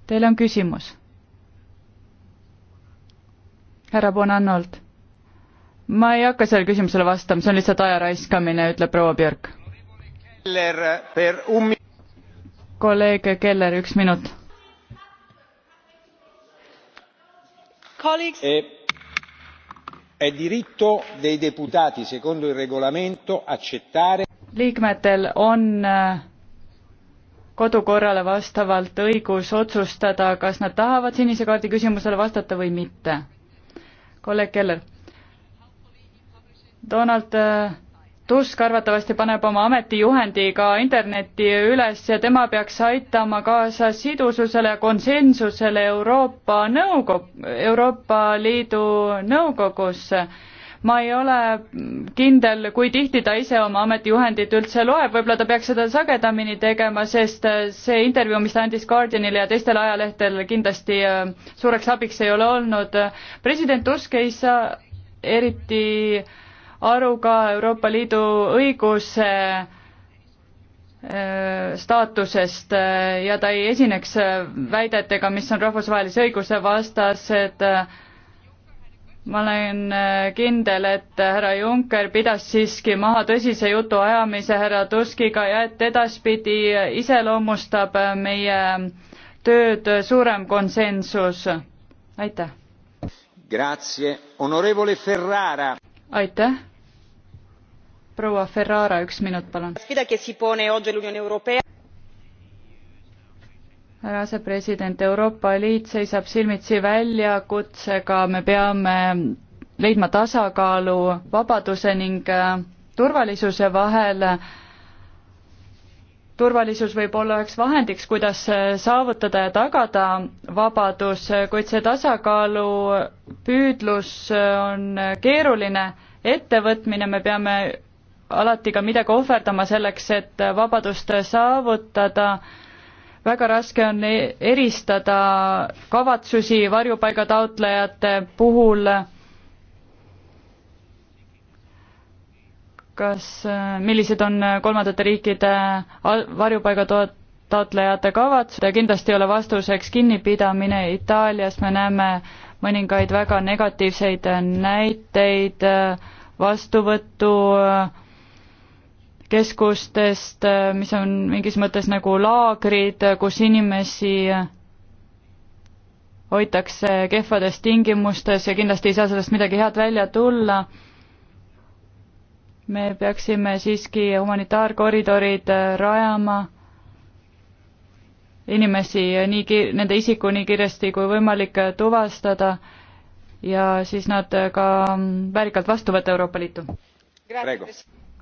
Teil on küsimus. härra Bonannolt. ma ei hakka sellele küsimusele vastama, see on lihtsalt aja raiskamine, ütleb proua Björk kolleeg Keller, üks minut. liikmetel on eh, kodukorrale vastavalt õigus otsustada, kas nad tahavad sinise kaardi küsimusele vastata või mitte. kolleeg Keller. Donald eh, Tusk arvatavasti paneb oma ametijuhendi ka internetti üles ja tema peaks aitama kaasa sidususele ja konsensusele Euroopa Nõukogu, Euroopa Liidu Nõukogus. ma ei ole kindel, kui tihti ta ise oma ametijuhendit üldse loeb, võib-olla ta peaks seda sagedamini tegema, sest see intervjuu, mis ta andis Guardianile ja teistele ajalehtedele kindlasti äh, suureks abiks ei ole olnud. president Tusk ei saa eriti äh, aru ka Euroopa Liidu õiguse äh, staatusest äh, ja ta ei esineks äh, väidetega, mis on rahvusvahelise õiguse vastased. ma olen kindel, et härra Juncker pidas siiski maha tõsise jutuajamise härra Tuskiga ja et edaspidi iseloomustab meie tööd suurem konsensus. aitäh! aitäh! proua Ferrara, üks minut, palun. härra asepresident, Euroopa Liit seisab silmitsi väljakutsega, me peame leidma tasakaalu vabaduse ning äh, turvalisuse vahel. turvalisus võib olla üheks vahendiks, kuidas äh, saavutada ja tagada vabadus, kuid see tasakaalu püüdlus äh, on keeruline ettevõtmine, me peame alati ka midagi ohverdama selleks, et vabadust saavutada. väga raske on e-, eristada kavatsusi varjupaigataotlejate puhul. kas, millised on kolmandate riikide varjupaiga toot-, taotlejate kavatsus ja kindlasti ei ole vastuseks kinnipidamine. Itaalias me näeme mõningaid väga negatiivseid näiteid vastuvõtu keskustest, äh, mis on mingis mõttes nagu laagrid, äh, kus inimesi äh, hoitakse kehvades tingimustes ja kindlasti ei saa sellest midagi head välja tulla. me peaksime siiski humanitaarkoridorid rajama inimesi nii ki-, nende isiku nii kiiresti kui võimalik tuvastada ja siis nad ka mm, väärikalt vastu võtta Euroopa Liitu.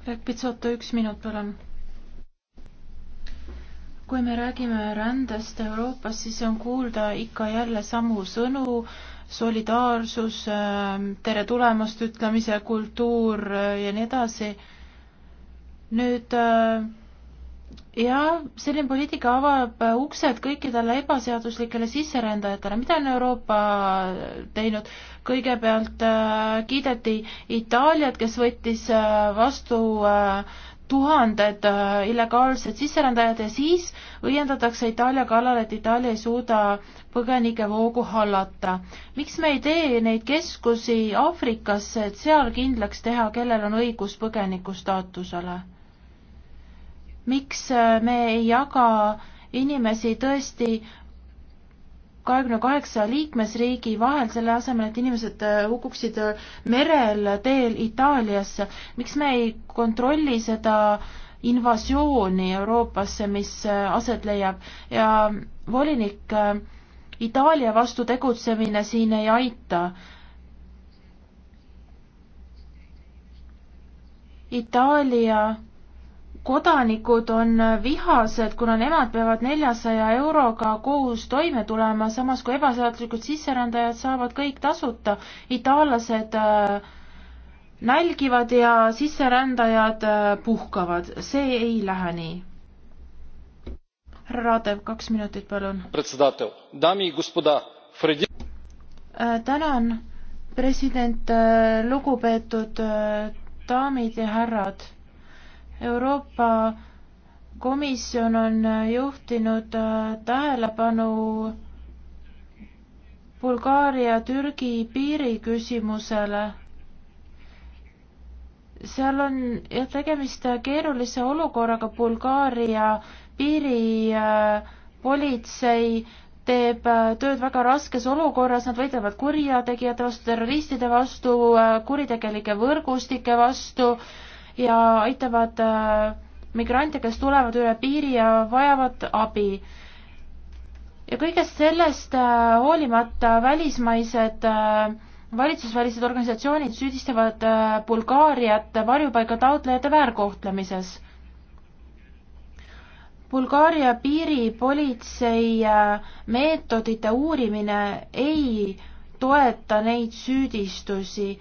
Läk Pitsoto, üks minut, palun. kui me räägime rändest Euroopas, siis on kuulda ikka jälle samu sõnu, solidaarsus, ähm, tere tulemast ütlemise kultuur äh, ja nii edasi. nüüd äh, jah, selline poliitika avab uksed kõikidele ebaseaduslikele sisserändajatele, mida on Euroopa teinud. kõigepealt äh, kiideti Itaaliat, kes võttis äh, vastu äh, tuhanded illegaalsed sisserändajad ja siis õiendatakse Itaalia kallale, et Itaalia ei suuda põgenikevoogu hallata. miks me ei tee neid keskusi Aafrikasse, et seal kindlaks teha, kellel on õigus põgeniku staatusele? miks äh, me ei jaga inimesi tõesti kahekümne kaheksa liikmesriigi vahel, selle asemel, et inimesed äh, hukuksid äh, merel teel Itaaliasse. miks me ei kontrolli seda invasiooni Euroopasse, mis aset leiab ja volinik Itaalia vastu tegutsemine siin ei aita. Itaalia kodanikud on vihased, kuna nemad peavad neljasaja euroga kuus toime tulema, samas kui ebaseaduslikud sisserändajad saavad kõik tasuta. itaallased äh, nälgivad ja sisserändajad äh, puhkavad, see ei lähe nii. härra Raadev, kaks minutit, palun. Äh, tänan, president, lugupeetud daamid ja härrad Euroopa Komisjon on juhtinud äh, tähelepanu Bulgaaria-Türgi piiri küsimusele. seal on jah, tegemist äh, keerulise olukorraga, Bulgaaria piiripolitsei äh, teeb äh, tööd väga raskes olukorras, nad võitlevad kurjategijate vastu, terroristide vastu, kuritegelike võrgustike vastu äh,, ja aitavad äh, migrante, kes tulevad üle piiri ja vajavad abi. ja kõigest sellest äh, hoolimata välismaised äh, valitsusvälised organisatsioonid süüdistavad Bulgaariat varjupaiga taotlejate väärkohtlemises Bulgaaria piiripolitsei meetodite uurimine ei toeta neid süüdistusi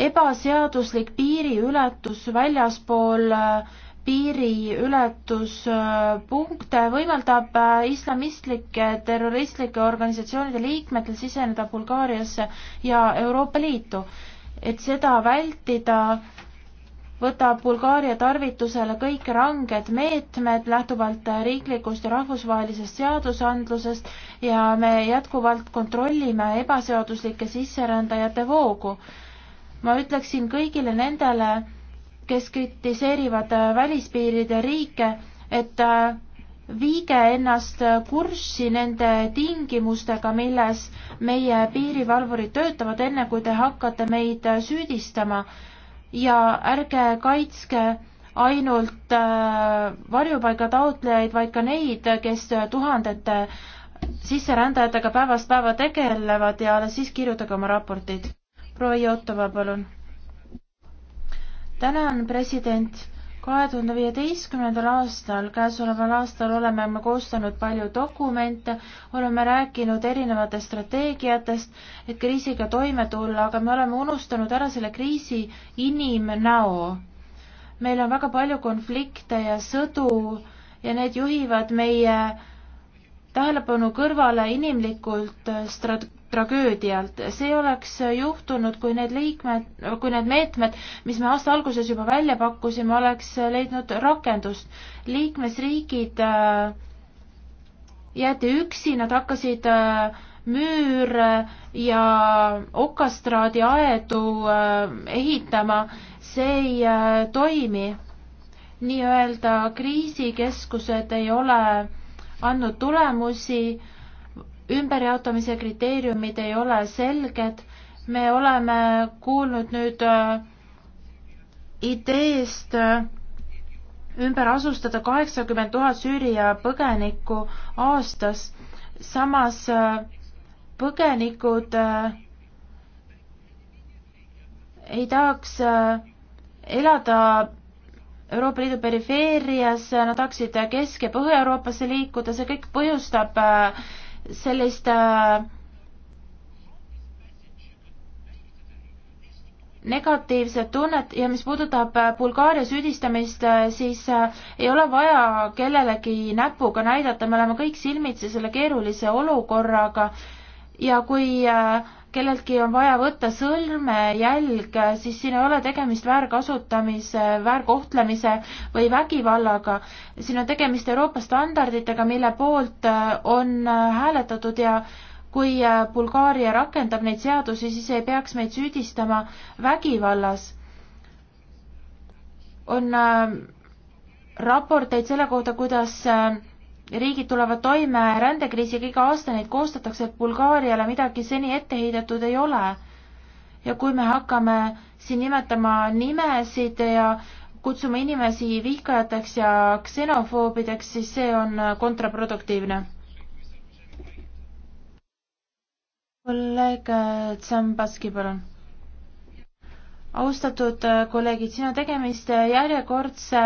ebaseaduslik piiriületus väljaspool äh, piiriületuspunkte äh, võimaldab äh, islamistlike terroristlike organisatsioonide liikmetel siseneda Bulgaariasse ja Euroopa Liitu. et seda vältida, võtab Bulgaaria tarvitusele kõik ranged meetmed lähtuvalt riiklikust ja rahvusvahelisest seadusandlusest ja me jätkuvalt kontrollime ebaseaduslike sisserändajate voogu ma ütleksin kõigile nendele, kes kritiseerivad äh, välispiiride riike, et äh, viige ennast kurssi nende tingimustega, milles meie piirivalvurid töötavad, enne kui te hakkate meid äh, süüdistama ja ärge kaitske ainult varjupaiga taotlejaid, vaid ka neid, kes tuhandete sisserändajatega päevast päeva tegelevad ja alles siis kirjutage oma raportid proua Jotova, palun. tänan, president kahe tuhande viieteistkümnendal aastal, käesoleval aastal oleme me koostanud palju dokumente, oleme rääkinud erinevatest strateegiatest, et kriisiga toime tulla, aga me oleme unustanud ära selle kriisi inimnäo. meil on väga palju konflikte ja sõdu ja need juhivad meie tähelepanu kõrvale inimlikult strat-, tragöödialt. see oleks juhtunud, kui need liikmed, kui need meetmed, mis me aasta alguses juba välja pakkusime, oleks leidnud rakendust. liikmesriigid äh, jäeti üksi, nad hakkasid äh, müüre ja okastraadiaedu äh, ehitama, see ei toimi. nii-öelda kriisikeskused ei ole andnud tulemusi ümberjaotamise kriteeriumid ei ole selged. me oleme kuulnud nüüd äh, ideest äh, ümber asustada kaheksakümmend tuhat Süüria põgenikku aastas. samas äh, põgenikud ei tahaks elada Euroopa Liidu perifeerias, nad tahaksid Kesk- ja Põhja-Euroopasse liikuda, see kõik põhjustab sellist äh, negatiivset tunnet ja mis puudutab äh, Bulgaaria süüdistamist, äh, siis ei ole vaja kellelegi näpuga näidata, me oleme kõik silmitsi selle keerulise olukorraga ja kui äh, kelleltki on vaja võtta sõrmejälg, siis siin ei ole tegemist väärkasutamise, väärkohtlemise või vägivallaga. siin on tegemist Euroopa standarditega, mille poolt äh, on äh, hääletatud ja kui äh, Bulgaaria rakendab neid seadusi, siis ei peaks meid süüdistama vägivallas. on raporteid selle kohta, kuidas äh, riigid tulevad toime rändekriisiga, iga aasta neid koostatakse, et Bulgaariale midagi seni ette heidetud ei ole. ja kui me hakkame siin nimetama nimesid ja kutsuma inimesi vihkajateks ja ksenofoobideks, siis see on kontraproduktiivne. kolleeg äh, Tsambaski, palun. austatud äh, kolleegid, siin on tegemist äh, järjekordse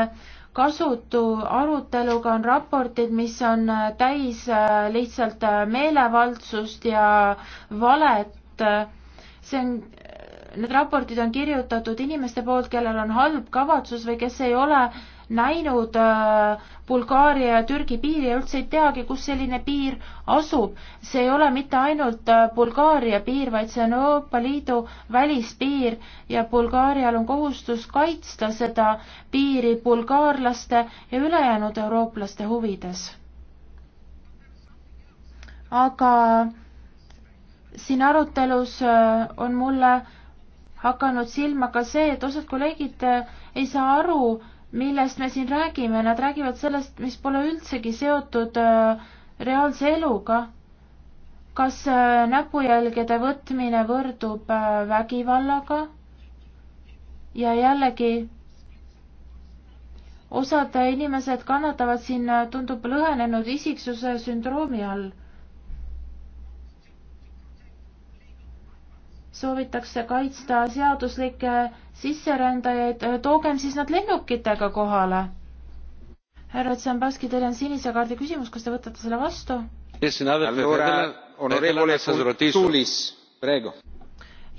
kasutu aruteluga on raportid, mis on äh, täis äh, lihtsalt äh, meelevaldsust ja valet. see on, need raportid on kirjutatud inimeste poolt, kellel on halb kavatsus või kes ei ole äh, näinud äh, Bulgaaria ja Türgi piiri ja üldse ei teagi, kus selline piir asub. see ei ole mitte ainult äh, Bulgaaria piir, vaid see on Euroopa Liidu välispiir ja Bulgaarial on kohustus kaitsta seda piiri bulgaarlaste ja ülejäänud eurooplaste huvides. aga siin arutelus äh, on mulle hakanud silma ka see, et osad kolleegid ei saa aru, millest me siin räägime, nad räägivad sellest, mis pole üldsegi seotud äh, reaalse eluga. kas äh, näpujälgede võtmine võrdub äh, vägivallaga? ja jällegi, osad inimesed kannatavad siin, tundub, lõhenenud isiksuse sündroomi all soovitakse kaitsta seaduslikke sisserändajaid, toogem siis nad lennukitega kohale. härra Tsambaski, teil on sinise kaardi küsimus, kas te võtate selle vastu? Eh, eh, eh,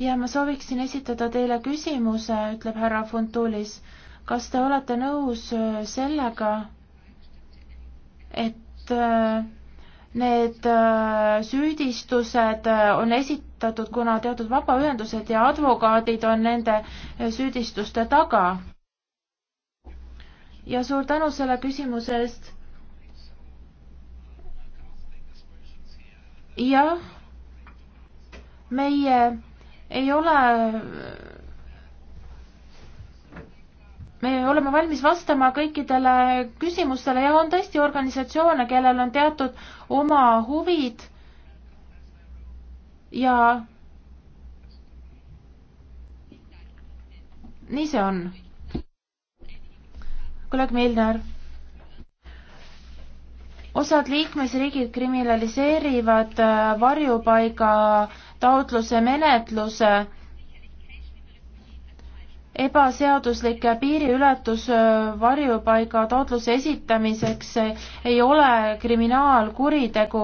ja ma sooviksin esitada teile küsimuse, ütleb härra Funtulis. kas te olete nõus sellega, et äh, Need äh, süüdistused äh, on esitatud, kuna teatud vabaühendused ja advokaadid on nende äh, süüdistuste taga. ja suur tänu selle küsimuse eest. jah, meie ei ole me oleme valmis vastama kõikidele küsimustele ja on tõesti organisatsioone, kellel on teatud oma huvid ja nii see on. kolleeg Milner. osad liikmesriigid kriminaliseerivad äh, varjupaiga taotluse menetluse ebaseaduslik piiriületus äh, varjupaiga taotluse esitamiseks äh, ei ole kriminaalkuritegu.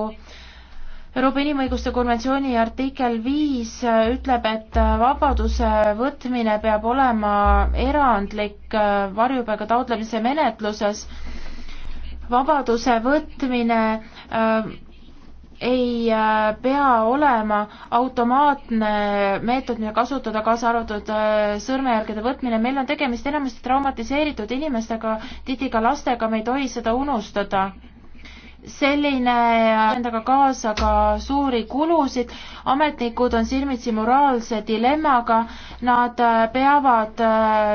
Euroopa Inimõiguste konventsiooni artikkel viis äh, ütleb, et vabaduse võtmine peab olema erandlik varjupaiga taotlemise menetluses. vabaduse võtmine äh, ei äh, pea olema automaatne meetod, mida kasutada, kaasa arvatud äh, sõrmejälgede võtmine, meil on tegemist enamasti traumatiseeritud inimestega, tihti ka lastega, me ei tohi seda unustada. selline äh, endaga kaasa ka suuri kulusid, ametnikud on silmitsi moraalse dilemmaga, nad peavad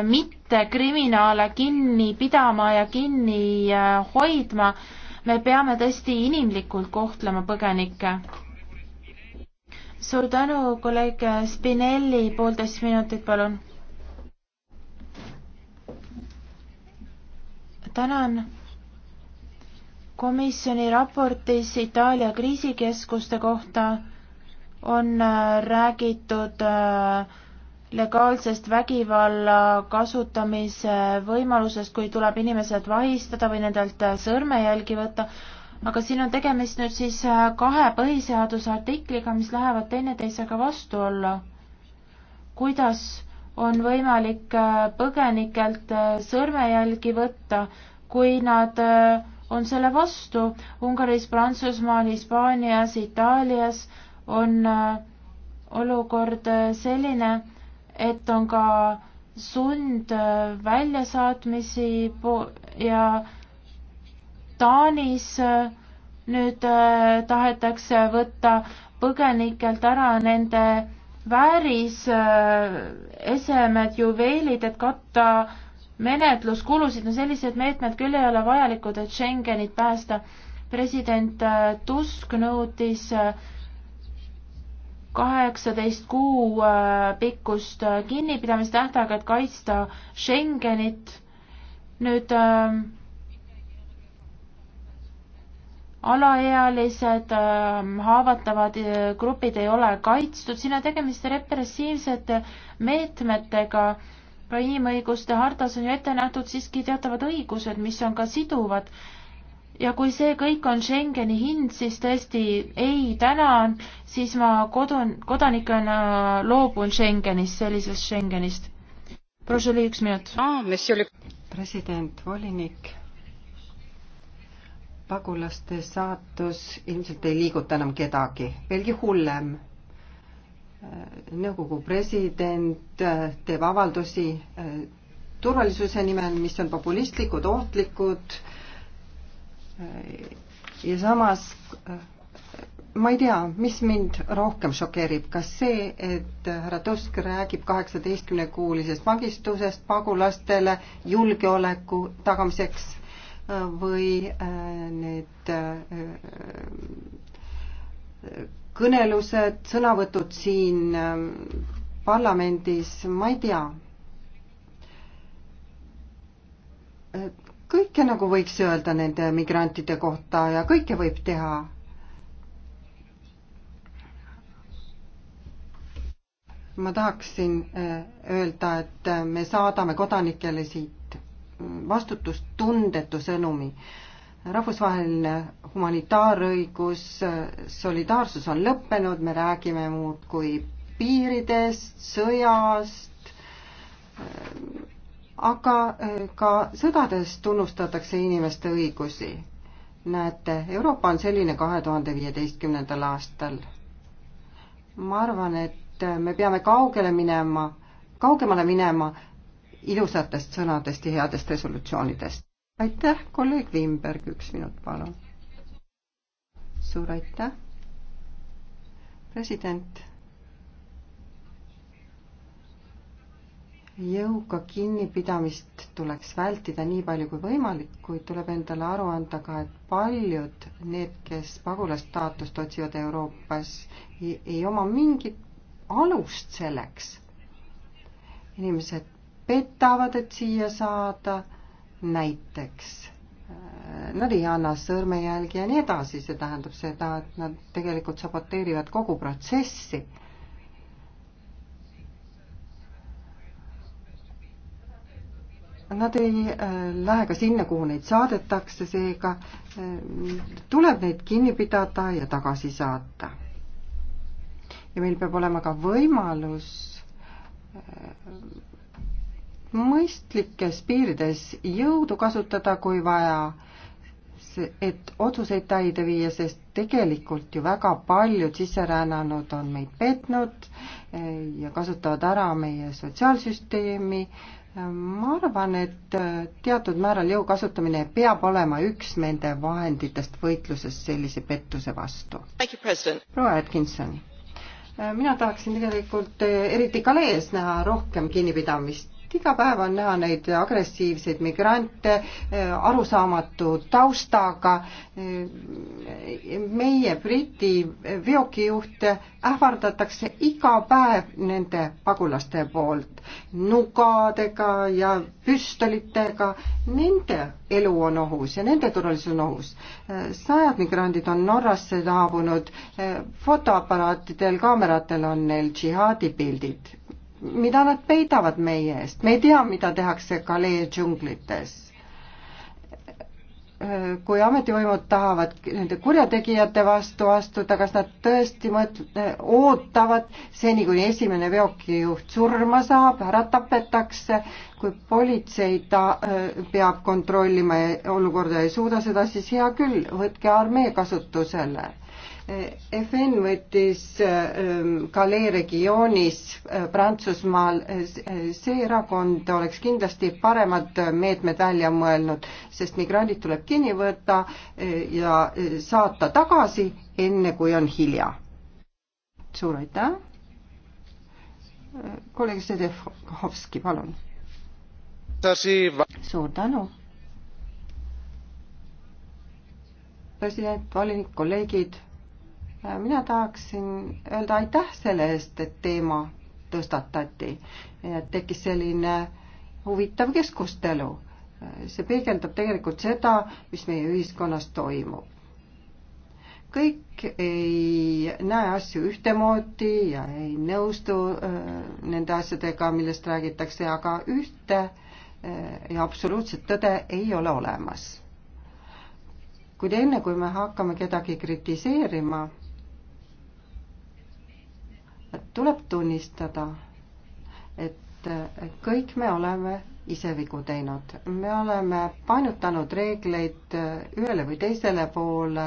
mitte kriminaale kinni pidama ja kinni hoidma me peame tõesti inimlikult kohtlema põgenikke. suur tänu, kolleeg Spinelli, poolteist minutit, palun. tänan komisjoni raportis Itaalia kriisikeskuste kohta on äh, räägitud äh, legaalsest vägivalla kasutamise võimalusest, kui tuleb inimesed vahistada või nendelt sõrmejälgi võtta, aga siin on tegemist nüüd siis kahe põhiseaduse artikliga, mis lähevad teineteisega vastuollu. kuidas on võimalik põgenikelt sõrmejälgi võtta, kui nad on selle vastu Ungaris, Prantsusmaal, Hispaanias, Itaalias on olukord selline, et on ka sundväljasaatmisi äh, ja Taanis äh, nüüd äh, tahetakse võtta põgenikelt ära nende väärisesemed, juveelid, et katta menetluskulusid, no sellised meetmed küll ei ole vajalikud, et Schengenit päästa. president Tusk nõudis äh, kaheksateist kuu äh, pikkust äh, kinnipidamistähtaega, et kaitsta Schengenit. nüüd äh, alaealised äh,, haavatavad äh, grupid ei ole kaitstud, siin on tegemist repressiivsete meetmetega. ka inimõiguste hartas on ju ette nähtud siiski teatavad õigused, mis on ka siduvad ja kui see kõik on Schengeni hind, siis tõesti ei, tänan, siis ma kodun, kodanikena loobun Schengenist, sellisest Schengenist. Brožuli üks minut ah,. president, volinik, pagulaste saatus ilmselt ei liiguta enam kedagi, veelgi hullem. nõukogu president äh, teeb avaldusi äh, turvalisuse nimel, mis on populistlikud, ohtlikud ja samas äh, ma ei tea, mis mind rohkem šokeerib, kas see, et härra Tusk räägib kaheksateistkümnekuulisest vangistusest pagulastele julgeoleku tagamiseks äh, või äh, need kõnelused, sõnavõtud siin parlamendis, ma ei tea kõike nagu võiks öelda nende migrantide kohta ja kõike võib teha. ma tahaksin äh, öelda, et äh, me saadame kodanikele siit vastutustundetu sõnumi. rahvusvaheline humanitaarõigus, äh, solidaarsus on lõppenud, me räägime muudkui piiridest, sõjast, aga äh, ka sõdades tunnustatakse inimeste õigusi. näete, Euroopa on selline kahe tuhande viieteistkümnendal aastal. ma arvan, et äh, me peame kaugele minema, kaugemale minema ilusatest sõnadest ja headest resolutsioonidest. aitäh, kolleeg Wimberg, üks minut, palun. suur aitäh, president jõuga kinnipidamist tuleks vältida nii palju kui võimalik, kuid tuleb endale aru anda ka, et paljud need, kes pagulasstaatust otsivad Euroopas, ei oma mingit alust selleks. inimesed petavad, et siia saada, näiteks äh, nad ei anna sõrmejälgi ja nii edasi, see tähendab seda, et nad tegelikult saboteerivad kogu protsessi Nad ei äh, lähe ka sinna, kuhu neid saadetakse, seega äh, tuleb neid kinni pidada ja tagasi saata. ja meil peab olema ka võimalus äh, mõistlikes piirides jõudu kasutada, kui vaja, et otsuseid täide viia, sest tegelikult ju väga paljud sisserännanud on meid petnud ja kasutavad ära meie sotsiaalsüsteemi äh, ma arvan, et äh, teatud määral jõu kasutamine peab olema üks nende vahenditest võitluses sellise pettuse vastu. proua Atkinson, äh, mina tahaksin tegelikult äh, eriti Kalees näha rohkem kinnipidamist et iga päev on näha neid agressiivseid migrante arusaamatu taustaga. meie Briti veokijuhte ähvardatakse iga päev nende pagulaste poolt nugadega ja püstolitega. Nende elu on ohus ja nende turvalisus on ohus. sajad migrandid on Norrasse naabunud, fotoaparaatidel, kaameratel on neil džihaadipildid mida nad peidavad meie eest, me ei tea, mida tehakse Kalee džunglites. kui ametivõimud tahavad nende kurjategijate vastu astuda, kas nad tõesti mõt-, ootavad seni, kuni esimene veokijuht surma saab, ära tapetakse, kui politsei ta peab kontrollima olukorda ja ei suuda seda, siis hea küll, võtke armee kasutusele FN võttis ähm, Calais regioonis äh, Prantsusmaal, äh, äh, see erakond oleks kindlasti paremad meetmed välja mõelnud, sest migrandid tuleb kinni võtta ja saata tagasi, enne kui on hilja. suur aitäh. kolleeg Zedehovski, palun. suur tänu. president, volinik, kolleegid Äh, mina tahaksin öelda aitäh selle eest, et teema tõstatati, tekkis selline huvitav keskustelu. Äh, see peegeldab tegelikult seda, mis meie ühiskonnas toimub. kõik ei näe asju ühtemoodi ja ei nõustu äh, nende asjadega, millest räägitakse, aga ühte ja absoluutset tõde ei ole olemas kuid enne, kui me hakkame kedagi kritiseerima, tuleb tunnistada, et kõik me oleme ise vigu teinud, me oleme painutanud reegleid ühele või teisele poole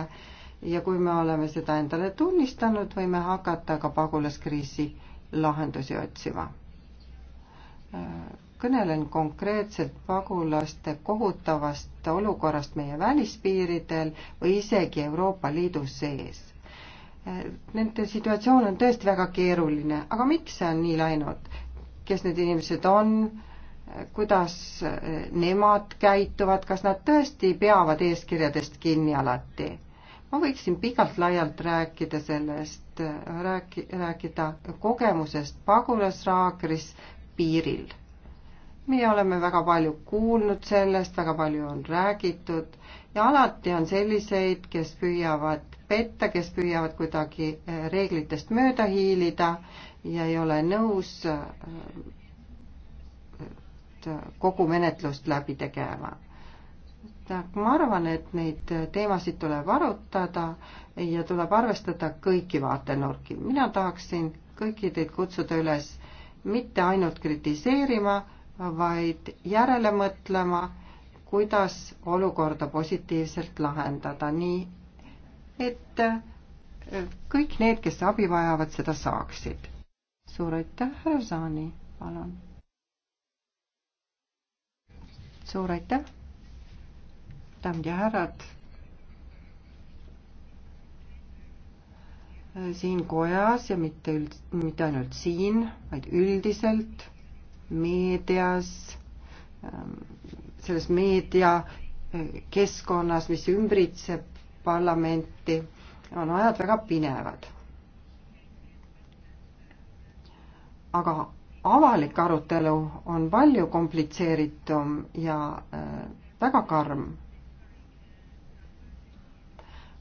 ja kui me oleme seda endale tunnistanud, võime hakata ka pagulaskriisi lahendusi otsima. kõnelen konkreetselt pagulaste kohutavast olukorrast meie välispiiridel või isegi Euroopa Liidu sees Äh, nende situatsioon on tõesti väga keeruline, aga miks see on nii läinud? kes need inimesed on, äh, kuidas äh, nemad käituvad, kas nad tõesti peavad eeskirjadest kinni alati? ma võiksin pikalt-laialt rääkida sellest, rääki-, rääkida kogemusest pagulasraagris piiril. meie oleme väga palju kuulnud sellest, väga palju on räägitud ja alati on selliseid, kes püüavad petta, kes püüavad kuidagi eh, reeglitest mööda hiilida ja ei ole nõus eh, eh, kogu menetlust läbi tegema. ma arvan, et neid teemasid tuleb arutada ja tuleb arvestada kõiki vaatenurki. mina tahaksin kõiki teid kutsuda üles mitte ainult kritiseerima, vaid järele mõtlema, kuidas olukorda positiivselt lahendada, nii et äh, kõik need, kes abi vajavad, seda saaksid. suur aitäh, härra Saani, palun. suur aitäh, daamid ja härrad. siin kojas ja mitte üld-, mitte ainult siin, vaid üldiselt meedias, ähm, selles meediakeskkonnas, äh, mis ümbritseb parlamenti, on ajad väga pinevad. aga avalik arutelu on palju komplitseeritum ja äh, väga karm.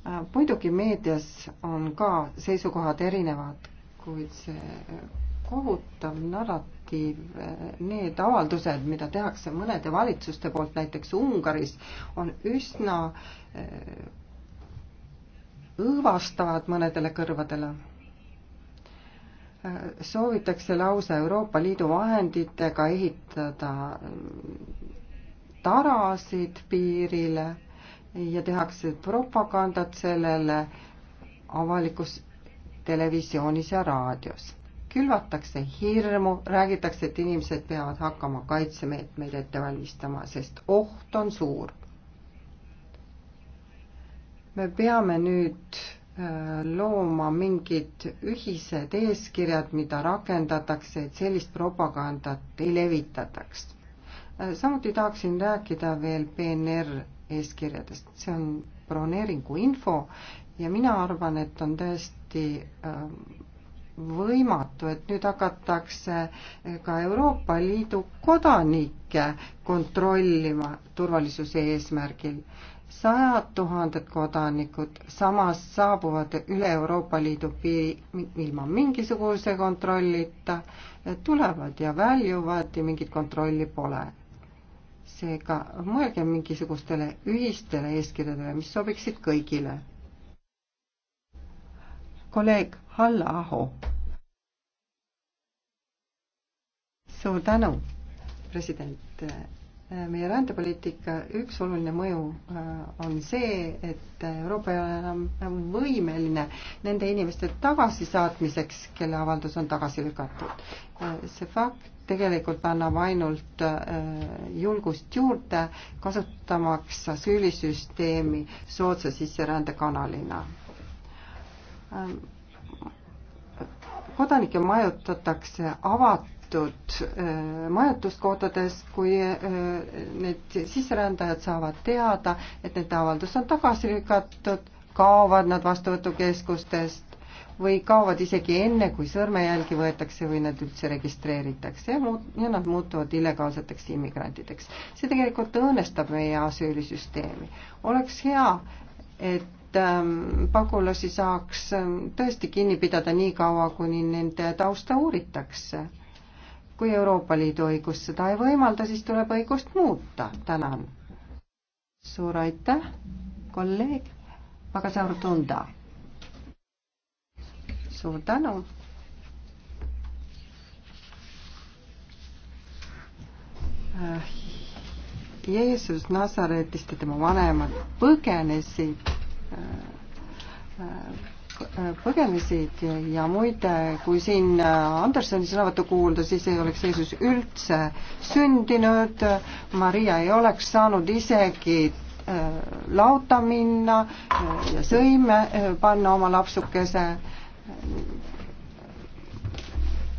Äh, muidugi meedias on ka seisukohad erinevad, kuid see äh, kohutav narratiiv, need avaldused, mida tehakse mõnede valitsuste poolt, näiteks Ungaris, on üsna õõvastavad mõnedele kõrvadele. soovitakse lausa Euroopa Liidu vahenditega ehitada tarasid piirile ja tehakse propagandat sellele avalikus televisioonis ja raadios. külvatakse hirmu, räägitakse, et inimesed peavad hakkama kaitsemeetmeid ette valmistama, sest oht on suur me peame nüüd äh, looma mingid ühised eeskirjad, mida rakendatakse, et sellist propagandat ei levitataks. Äh, samuti tahaksin rääkida veel PNR eeskirjadest, see on broneeringu info ja mina arvan, et on täiesti äh, võimatu, et nüüd hakatakse ka Euroopa Liidu kodanikke kontrollima turvalisuse eesmärgil sajad tuhanded kodanikud samas saabuvad üle Euroopa Liidu piiri ilma mingisuguse kontrollita, tulevad ja väljuvad ja mingit kontrolli pole. seega mõelge mingisugustele ühistele eeskirjadele, mis sobiksid kõigile. kolleeg Halla Aho. suur tänu, president meie rändepoliitika üks oluline mõju äh, on see, et Euroopa ei ole enam võimeline nende inimeste tagasisaatmiseks, kelle avaldus on tagasi lükatud. Äh, see fakt tegelikult annab ainult äh, julgust juurde, kasutamaks asüülisüsteemi soodsa sisserändekanalina. Ähm, kodanikke majutatakse avatud tehtud äh, majutuskohtades, kui äh, need sisserändajad saavad teada, et nende avaldus on tagasi lükatud, kaovad nad vastuvõtukeskustest või kaovad isegi enne, kui sõrmejälgi võetakse või nad üldse registreeritakse ja muud, ja nad muutuvad illegaalseteks immigrantideks. see tegelikult õõnestab meie asüülisüsteemi. oleks hea, et ähm, pagulasi saaks ähm, tõesti kinni pidada nii kaua, kuni nende tausta uuritakse kui Euroopa Liidu õigus seda ei võimalda, siis tuleb õigust muuta. tänan. suur aitäh, kolleeg Pagasaur Tunda. suur tänu. Äh, Jeesus Nazaretist ja tema vanemad põgenesid äh, äh, põgenesid ja muide, kui siin Andersoni sõnavõttu kuulda, siis ei oleks Jeesus üldse sündinud, Maria ei oleks saanud isegi äh, lauta minna äh, ja sõime äh, panna oma lapsukese.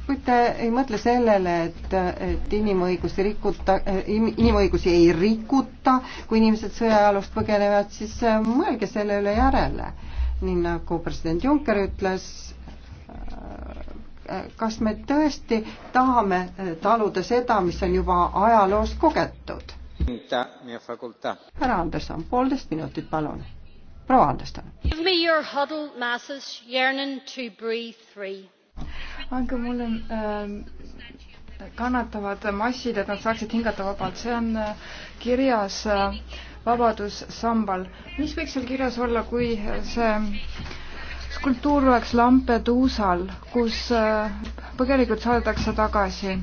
kuid te ei mõtle sellele, et, et inimõigusi rikuta, inimõigusi ei rikuta, kui inimesed sõjajalust põgenevad, siis mõelge selle üle järele ning nagu president Juncker ütles, äh, kas me tõesti tahame äh, taluda seda, mis on juba ajaloos kogetud? härra Anderson, poolteist minutit, palun. proua Anderson. andke mulle äh, kannatavad massid, et nad saaksid hingata vabalt, see on äh, kirjas äh, vabadussambal. mis võiks seal kirjas olla, kui see skulptuur oleks Lampeduusal, kus äh, põgenikud saadetakse tagasi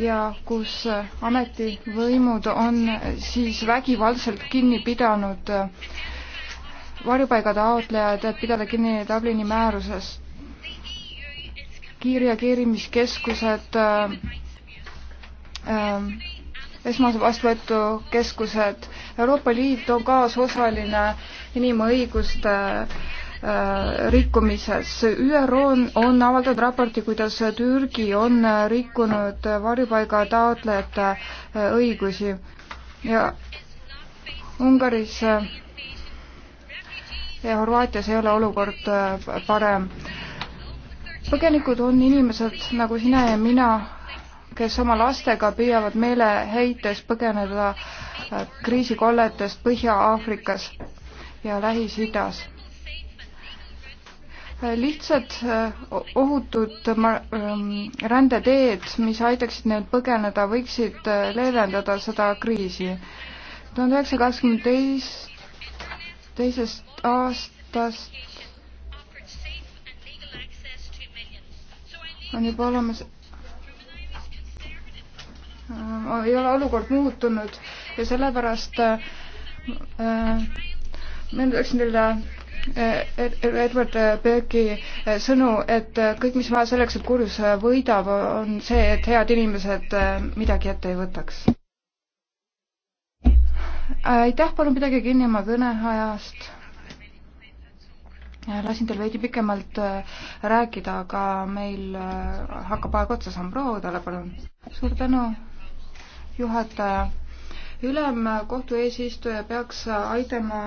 ja kus äh, ametivõimud on siis vägivaldselt kinni pidanud äh, varjupaiga taotlejad, et pidada kinni Dublini määrusest. kiirreageerimiskeskused äh, äh, esmase vastuvõtukeskused. Euroopa Liit on kaasosaline inimõiguste äh, rikkumises. ÜRO on, on avaldanud raporti, kuidas Türgi on rikkunud varjupaiga taotlejate äh, õigusi ja Ungaris äh, ja Horvaatias ei ole olukord parem. põgenikud on inimesed nagu sina ja mina kes oma lastega püüavad meeleheites põgeneda äh, kriisikolletest Põhja-Aafrikas ja Lähis-Idas. Äh, lihtsad äh, ohutud ähm, rändeteed, mis aitaksid neil põgeneda, võiksid leevendada seda kriisi. tuhande üheksasaja kakskümmend teist, teisest aastast on juba olemas Äh, ei ole olukord muutunud ja sellepärast äh, äh, ma ütleksin teile Edward Bergi sõnu, et kõik, mis vaja selleks, et kurjus võidab, on see, et head inimesed midagi ette ei võtaks. aitäh, palun pidage kinni oma kõneajast. lasin teil veidi pikemalt rääkida, aga meil hakkab aeg otsa saama, proua Udale, palun. suur tänu juhataja. ülemkohtu eesistuja peaks aitama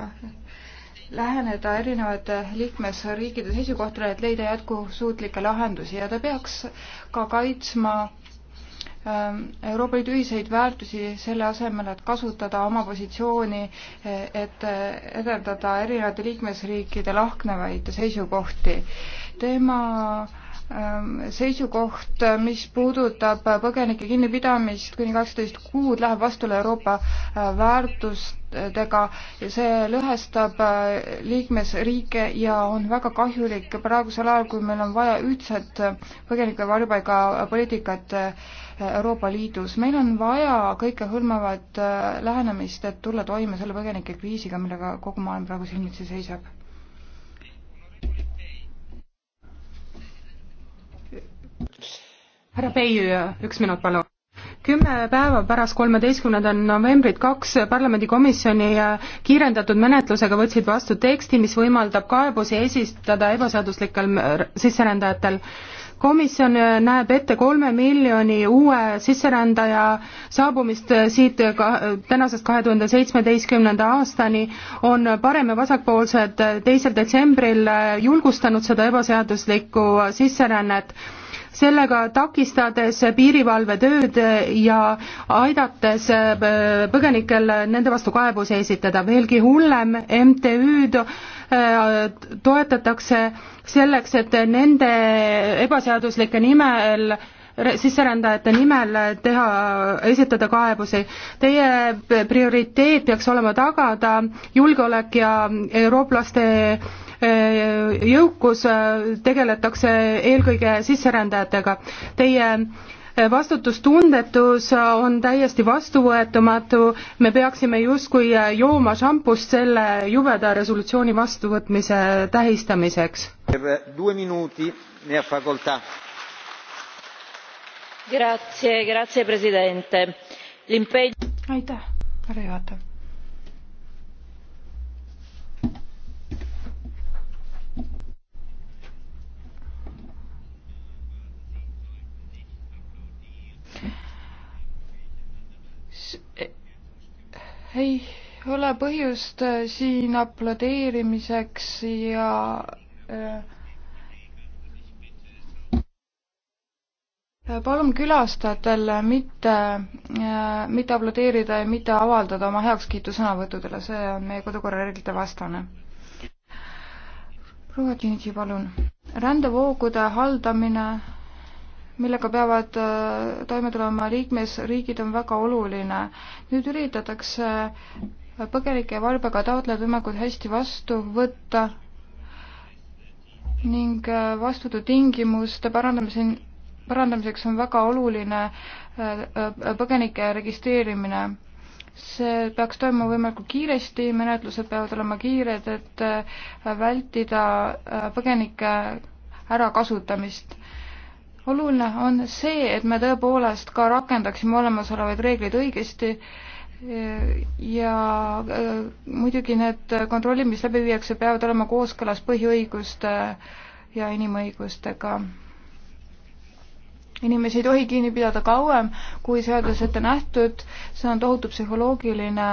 läheneda erinevate liikmesriikide seisukohtadele, et leida jätkusuutlikke lahendusi ja ta peaks ka kaitsma ähm, Euroopa Liidu ühiseid väärtusi selle asemel, et kasutada oma positsiooni, et edendada erinevate liikmesriikide lahknevaid seisukohti. tema äh, Ähm, seisukoht, mis puudutab põgenike kinnipidamist kuni kaksteist kuud, läheb vastuolu Euroopa äh, väärtustega ja see lõhestab äh, liikmesriike ja on väga kahjulik praegusel ajal, kui meil on vaja ühtset äh, põgenike varjupaigapoliitikat Euroopa Liidus. meil on vaja kõikehõlmavat lähenemist, et tulla toime selle põgenikekriisiga, millega kogu maailm praegu silmitsi seisab härra Peiu, üks minut palun kümme päeva pärast kolmeteistkümnendal novembrit kaks parlamendikomisjoni äh, kiirendatud menetlusega võtsid vastu teksti, mis võimaldab kaebusi esitada ebaseaduslikel äh, sisserändajatel. komisjon äh, näeb ette kolme miljoni uue sisserändaja saabumist siit ka, tänasest kahe tuhande seitsmeteistkümnenda aastani, on parem- ja vasakpoolsed teisel detsembril julgustanud seda ebaseaduslikku sisserännet sellega takistades piirivalve tööd ja aidates äh, põgenikel nende vastu kaebusi esitada. veelgi hullem, MTÜ-d äh, toetatakse selleks, et nende ebaseaduslike nimel sisserändajate nimel teha, esitada kaebusi. Teie prioriteet peaks olema tagada julgeolek ja eurooplaste jõukus, äh, tegeletakse eelkõige sisserändajatega. Teie äh, vastutustundetus on täiesti vastuvõetamatu, me peaksime justkui äh, jooma šampust selle jubeda resolutsiooni vastuvõtmise tähistamiseks. aitäh, härra juhataja ei ole põhjust äh, siin aplodeerimiseks ja äh, äh, palun külastajatel mitte, mitte aplodeerida ja mitte avaldada oma heakskiitu sõnavõttudele, see on meie kodukorra reeglite vastane. proua Tšintši, palun. rändevoogude haldamine millega peavad äh, toime tulema liikmesriigid, on väga oluline. nüüd üritatakse põgenike valvega taotlejad võimalikult hästi vastu võtta ning äh, vastututingimuste parandamise, parandamiseks on väga oluline äh, põgenike registreerimine. see peaks toimuma võimalikult kiiresti, menetlused peavad olema kiired, et vältida põgenike ärakasutamist oluline on see, et me tõepoolest ka rakendaksime olemasolevaid reegleid õigesti e, ja e, muidugi need kontrollid, mis läbi viiakse, peavad olema kooskõlas põhiõiguste ja inimõigustega. inimesi ei tohi kinni pidada kauem, kui seaduses ette nähtud, see on tohutu psühholoogiline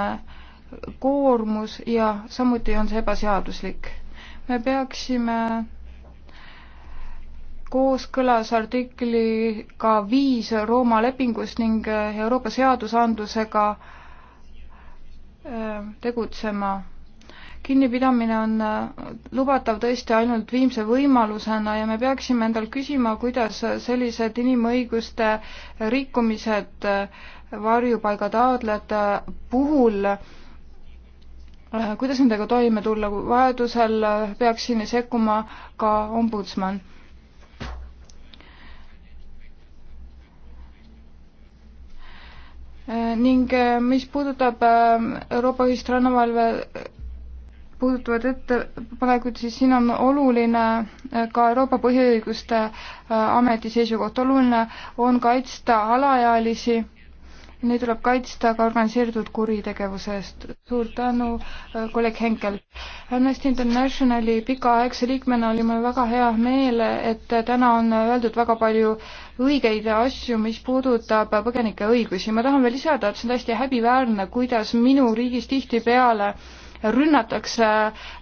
koormus ja samuti on see ebaseaduslik. me peaksime kooskõlas artikliga viis Rooma lepingust ning Euroopa seadusandlusega äh, tegutsema. kinnipidamine on äh, lubatav tõesti ainult viimse võimalusena ja me peaksime endal küsima, kuidas sellised inimõiguste rikkumised äh, varjupaiga taotlejate puhul kuidas nendega toime tulla, vajadusel peaks sinna sekkuma ka ombudsman Äh, ning äh, mis puudutab äh, Euroopa ühist rannavalve puudutavad ettepanekuid, siis siin on oluline ka Euroopa põhiõiguste ameti seisukoht, oluline on kaitsta alaealisi neid tuleb kaitsta ka organiseeritud kuritegevuse eest. suur tänu, äh, kolleeg Henkel. Amnesty Internationali pikaaegse liikmena oli mul väga hea meel, et täna on öeldud väga palju õigeid asju, mis puudutab põgenike õigusi. ma tahan veel lisada, et see on täiesti häbiväärne, kuidas minu riigis tihtipeale rünnatakse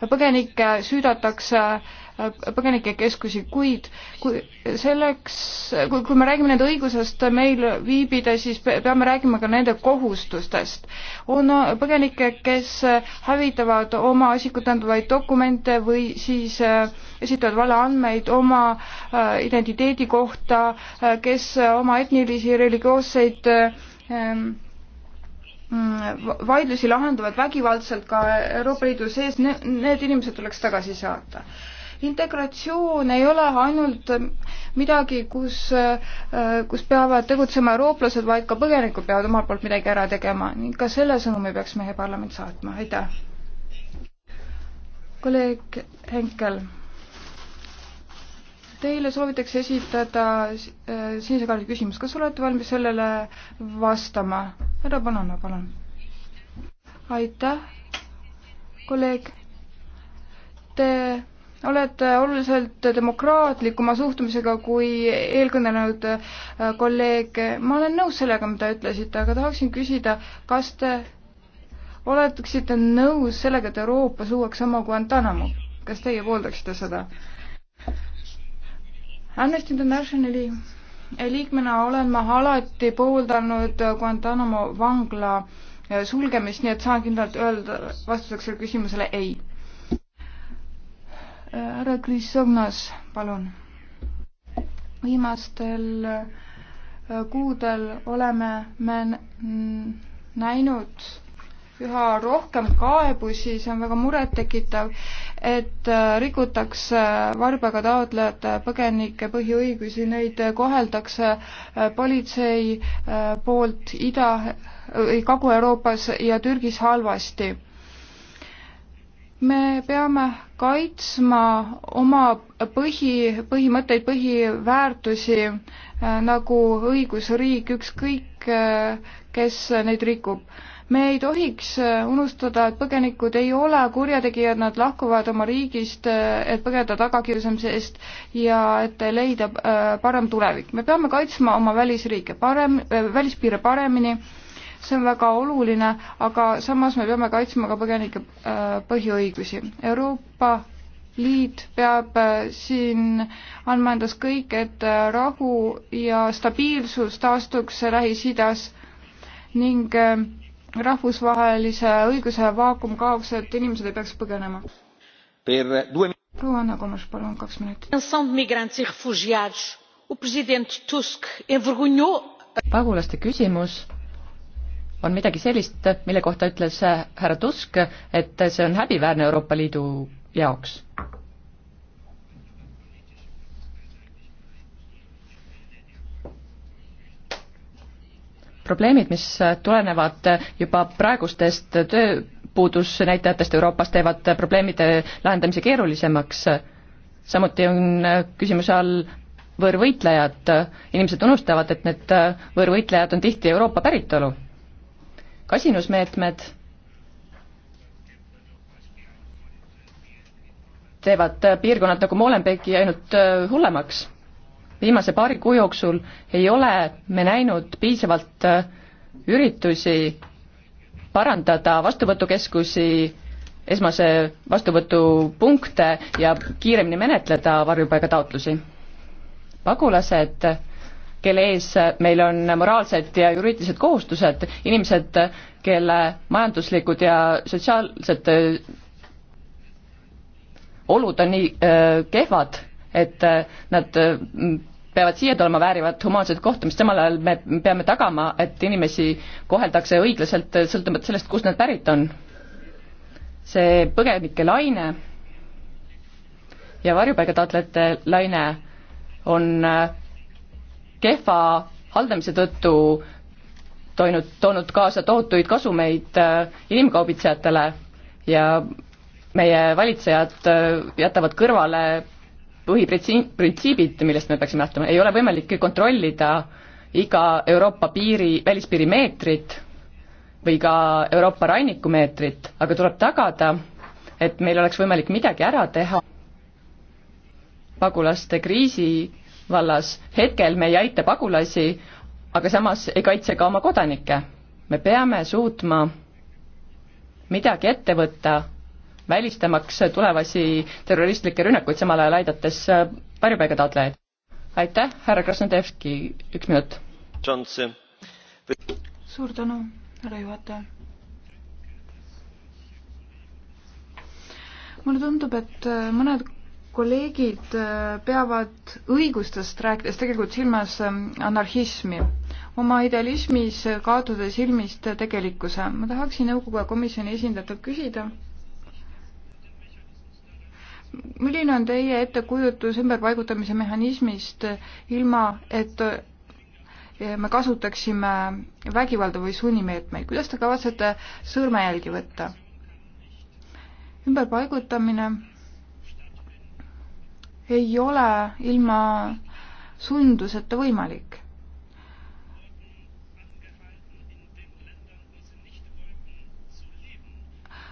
põgenikke, süüdatakse äh, põgenikekeskusi, kuid kui selleks, kui, kui me räägime nende õigusest meil viibida, siis peame räägima ka nende kohustustest. on äh, põgenikke, kes hävitavad oma isikut andvaid dokumente või siis äh, esitavad valeandmeid oma äh, identiteedi kohta, kes oma etnilisi, religioosseid ähm, mm, vaidlusi lahendavad vägivaldselt ka Euroopa Liidu sees, need inimesed tuleks tagasi saata integratsioon ei ole ainult midagi, kus, äh, kus peavad tegutsema eurooplased, vaid ka põgenikud peavad omalt poolt midagi ära tegema ning ka selle sõnumi peaks meie parlament saatma, aitäh. kolleeg Henkel. Teile soovitakse esitada äh, sinise kaardi küsimus, kas olete valmis sellele vastama? härra Panana, palun. aitäh, kolleeg. Te oled äh, oluliselt demokraatlikuma suhtumisega kui eelkõnelenud äh, kolleeg. ma olen nõus sellega, mida ütlesite, aga tahaksin küsida, kas te oleksite nõus sellega, et Euroopas luuakse oma Guantanamo? kas teie pooldaksite seda? Amnesty Internationali liikmena olen ma alati pooldanud Guantanamo vangla äh, sulgemist, nii et saan kindlalt öelda vastuseks sellele küsimusele ei härra Krissovnas, palun. viimastel äh, kuudel oleme me näinud üha rohkem kaebusi, see on väga murettekitav, et äh, rikutakse varbaga taotlejate põgenike põhiõigusi, neid koheldakse äh, politsei poolt Ida, Kagu-Euroopas ja Türgis halvasti. me peame kaitsma oma põhi, põhimõtteid, põhiväärtusi äh, nagu õigusriik, ükskõik äh, kes neid rikub. me ei tohiks äh, unustada, et põgenikud ei ole kurjategijad, nad lahkuvad oma riigist, et põgeneda tagakiusamise eest ja et leida parem tulevik. me peame kaitsma oma välisriike parem, välispiire paremini see on väga oluline, aga samas me peame kaitsma ka põgenike äh, põhiõigusi. Euroopa Liit peab äh, siin andma endast kõik, et äh, rahu ja stabiilsus taastuks Lähis-Idas ning rahvusvahelise õiguse vaakum kaoks, et inimesed ei peaks põgenema. proua Anna Komes, palun kaks minutit. E pagulaste küsimus on midagi sellist, mille kohta ütles äh, härra Tusk, et see on häbiväärne Euroopa Liidu jaoks. probleemid, mis tulenevad juba praegustest tööpuudusnäitajatest Euroopas, teevad probleemide lahendamise keerulisemaks. samuti on äh, küsimuse all võõrvõitlejad, inimesed unustavad, et need äh, võõrvõitlejad on tihti Euroopa päritolu kasinusmeetmed teevad piirkonnad nagu Molenbeeki ainult äh, hullemaks. viimase paari kuu jooksul ei ole me näinud piisavalt äh, üritusi parandada vastuvõtukeskusi, esmase vastuvõtupunkte ja kiiremini menetleda varjupaigataotlusi. pagulased kelle ees meil on moraalsed ja juriidilised kohustused, inimesed, kelle majanduslikud ja sotsiaalsed eh, olud on nii eh, kehvad, et eh, nad mm, peavad siia tulema, väärivad humaanset kohtumist, samal ajal me peame tagama, et inimesi koheldakse õiglaselt, sõltumata sellest, kust nad pärit on. see põgenike laine ja varjupaigataotlejate laine on kehva haldamise tõttu toinud, toonud kaasa tohutuid kasumeid äh, inimkaubitsejatele ja meie valitsejad äh, jätavad kõrvale põhiprintsiibid, millest me peaksime lähtuma, ei ole võimalik kontrollida iga Euroopa piiri, välispiiri meetrit või ka Euroopa rannikumeetrit, aga tuleb tagada, et meil oleks võimalik midagi ära teha pagulaste kriisi vallas. hetkel me ei aita pagulasi, aga samas ei kaitse ka oma kodanikke. me peame suutma midagi ette võtta, välistamaks tulevasi terroristlikke rünnakuid, samal ajal aidates äh, varjupaiga taotlejaid. aitäh, härra Krasnodevski, üks minut. suur tänu, härra juhataja. mulle tundub, et äh, mõned kolleegid äh, peavad õigustest rääkides tegelikult silmas ähm, anarhismi, oma idealismis äh, kaotada silmist äh, tegelikkuse. ma tahaksin nõukogu ja komisjoni esindajatelt küsida, milline on teie ettekujutus ümberpaigutamise mehhanismist, ilma et me kasutaksime vägivalda või sunnimeetmeid, kuidas te kavatsete sõrmejälgi võtta? ümberpaigutamine ei ole ilma sunduseta võimalik.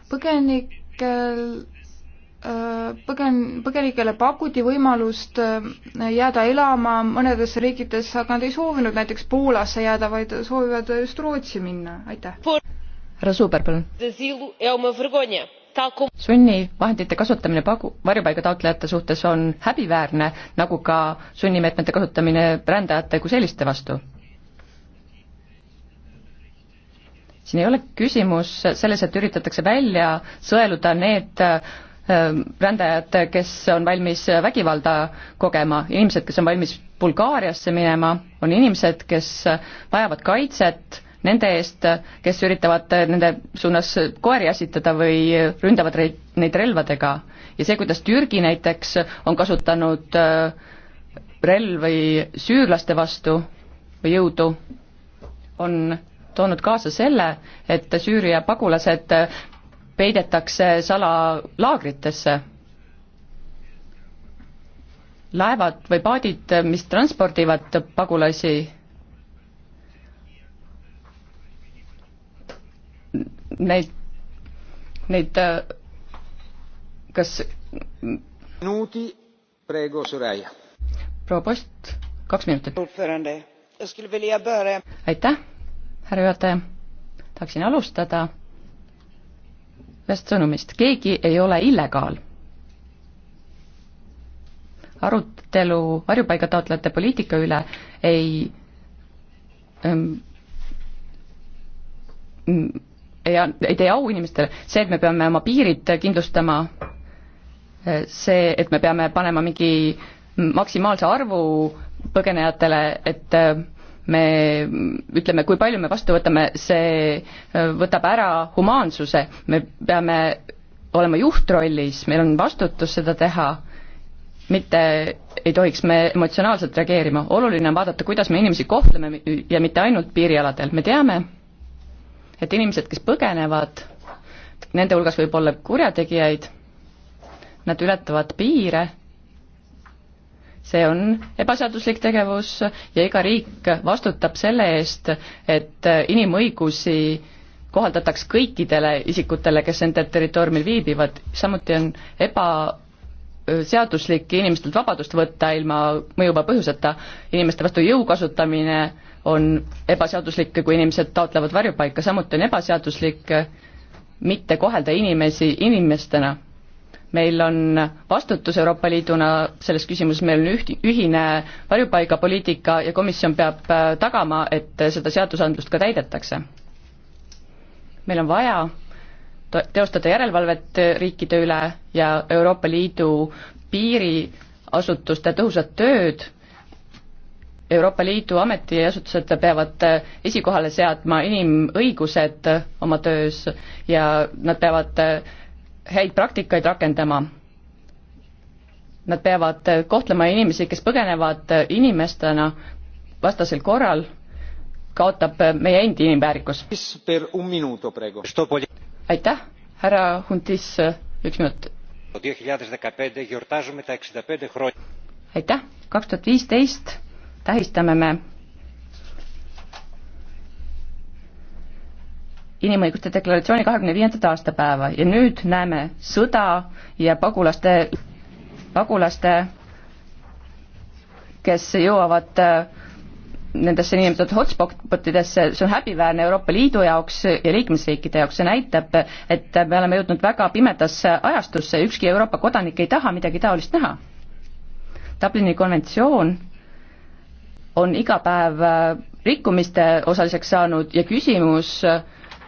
põgenikel, äh, põgen-, põgenikele pakuti võimalust äh, jääda elama mõnedes riikides, aga nad ei soovinud näiteks Poolasse jääda, vaid soovivad just Rootsi minna, aitäh. härra Suuber, palun sunnivahendite kasutamine pagu-, varjupaiga taotlejate suhtes on häbiväärne, nagu ka sunnimeetmete kasutamine rändajate kui selliste vastu. siin ei ole küsimus selles, et üritatakse välja sõeluda need ähm, rändajad, kes on valmis vägivalda kogema, inimesed, kes on valmis Bulgaariasse minema, on inimesed, kes vajavad kaitset nende eest, kes üritavad äh, nende suunas äh, koeri äsitada või äh, ründavad neid relvadega. ja see, kuidas Türgi näiteks on kasutanud relvi süürlaste vastu või jõudu, on toonud kaasa selle, et Süüria pagulased peidetakse salalaagritesse laevad või paadid, mis transpordivad pagulasi, neid, neid äh, kas minuti, praegu Soraya. proua Post, kaks minutit. aitäh, härra juhataja. tahaksin alustada ühest sõnumist, keegi ei ole illegaal. arutelu varjupaigataotlejate poliitika üle ei ähm, ei, ei tee au inimestele, see, et me peame oma piirid kindlustama, eh, see, et me peame panema mingi maksimaalse arvu põgenejatele, et eh, me ütleme, kui palju me vastu võtame, see eh, võtab ära humaansuse, me peame olema juhtrollis, meil on vastutus seda teha, mitte ei tohiks me emotsionaalselt reageerima, oluline on vaadata, kuidas me inimesi kohtleme ja mitte ainult piirialadel, me teame, et inimesed, kes põgenevad, nende hulgas võib olla kurjategijaid, nad ületavad piire, see on ebaseaduslik tegevus ja iga riik vastutab selle eest, et inimõigusi kohaldataks kõikidele isikutele, kes nende territooriumil viibivad, samuti on ebaseaduslik inimestelt vabadust võtta ilma mõjuva põhjuseta, inimeste vastu jõu kasutamine, on ebaseaduslik, kui inimesed taotlevad varjupaika, samuti on ebaseaduslik mitte kohelda inimesi inimestena. meil on vastutus Euroopa Liiduna selles küsimuses, meil on üht-, ühine varjupaigapoliitika ja komisjon peab äh, tagama, et seda seadusandlust ka täidetakse. meil on vaja teostada järelevalvet riikide üle ja Euroopa Liidu piiriasutuste tõhusat tööd Euroopa Liidu ametiasutused peavad äh, esikohale seadma inimõigused äh, oma töös ja nad peavad äh, häid praktikaid rakendama. Nad peavad kohtlema inimesi, kes põgenevad inimestena, vastasel korral kaotab meie endi inimväärikus. aitäh, härra Huntis, üks minut. aitäh, kaks tuhat viisteist tähistame me inimõiguste deklaratsiooni kahekümne viiendat aastapäeva ja nüüd näeme sõda ja pagulaste, pagulaste, kes jõuavad äh, nendesse niinimetatud hotspotidesse, see on häbiväärne Euroopa Liidu jaoks ja liikmesriikide jaoks, see näitab, et me oleme jõudnud väga pimedasse ajastusse, ükski Euroopa kodanik ei taha midagi taolist näha. Dublini konventsioon on iga päev äh, rikkumiste osaliseks saanud ja küsimus, äh,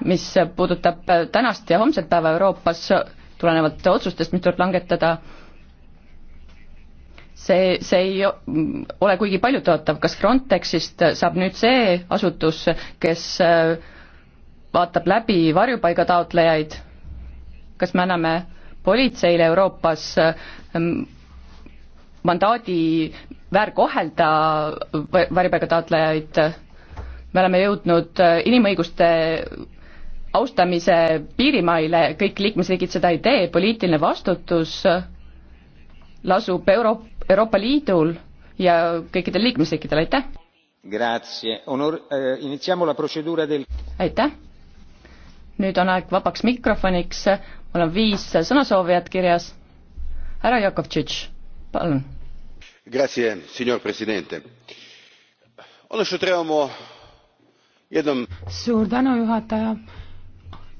mis puudutab äh, tänast ja homset päeva Euroopas, tulenevalt otsustest, mis tuleb langetada, see, see ei mm, ole kuigi paljutõotav, kas Frontexist saab nüüd see asutus, kes vaatab läbi varjupaigataotlejaid, kas me anname politseile Euroopas mandaadi väärkohelda varjupaigataotlejaid, me oleme jõudnud äh, inimõiguste austamise piirimaile, kõik liikmesriigid seda ei tee, poliitiline vastutus lasub Euro-, Euroopa Liidul ja kõikidel liikmesriikidel, aitäh! Äh, del... aitäh! nüüd on aeg vabaks mikrofoniks, mul on viis sõnasoovijat kirjas, härra Jakovtšitš, palun gospodine predsjedniče ono što trebamo jednom.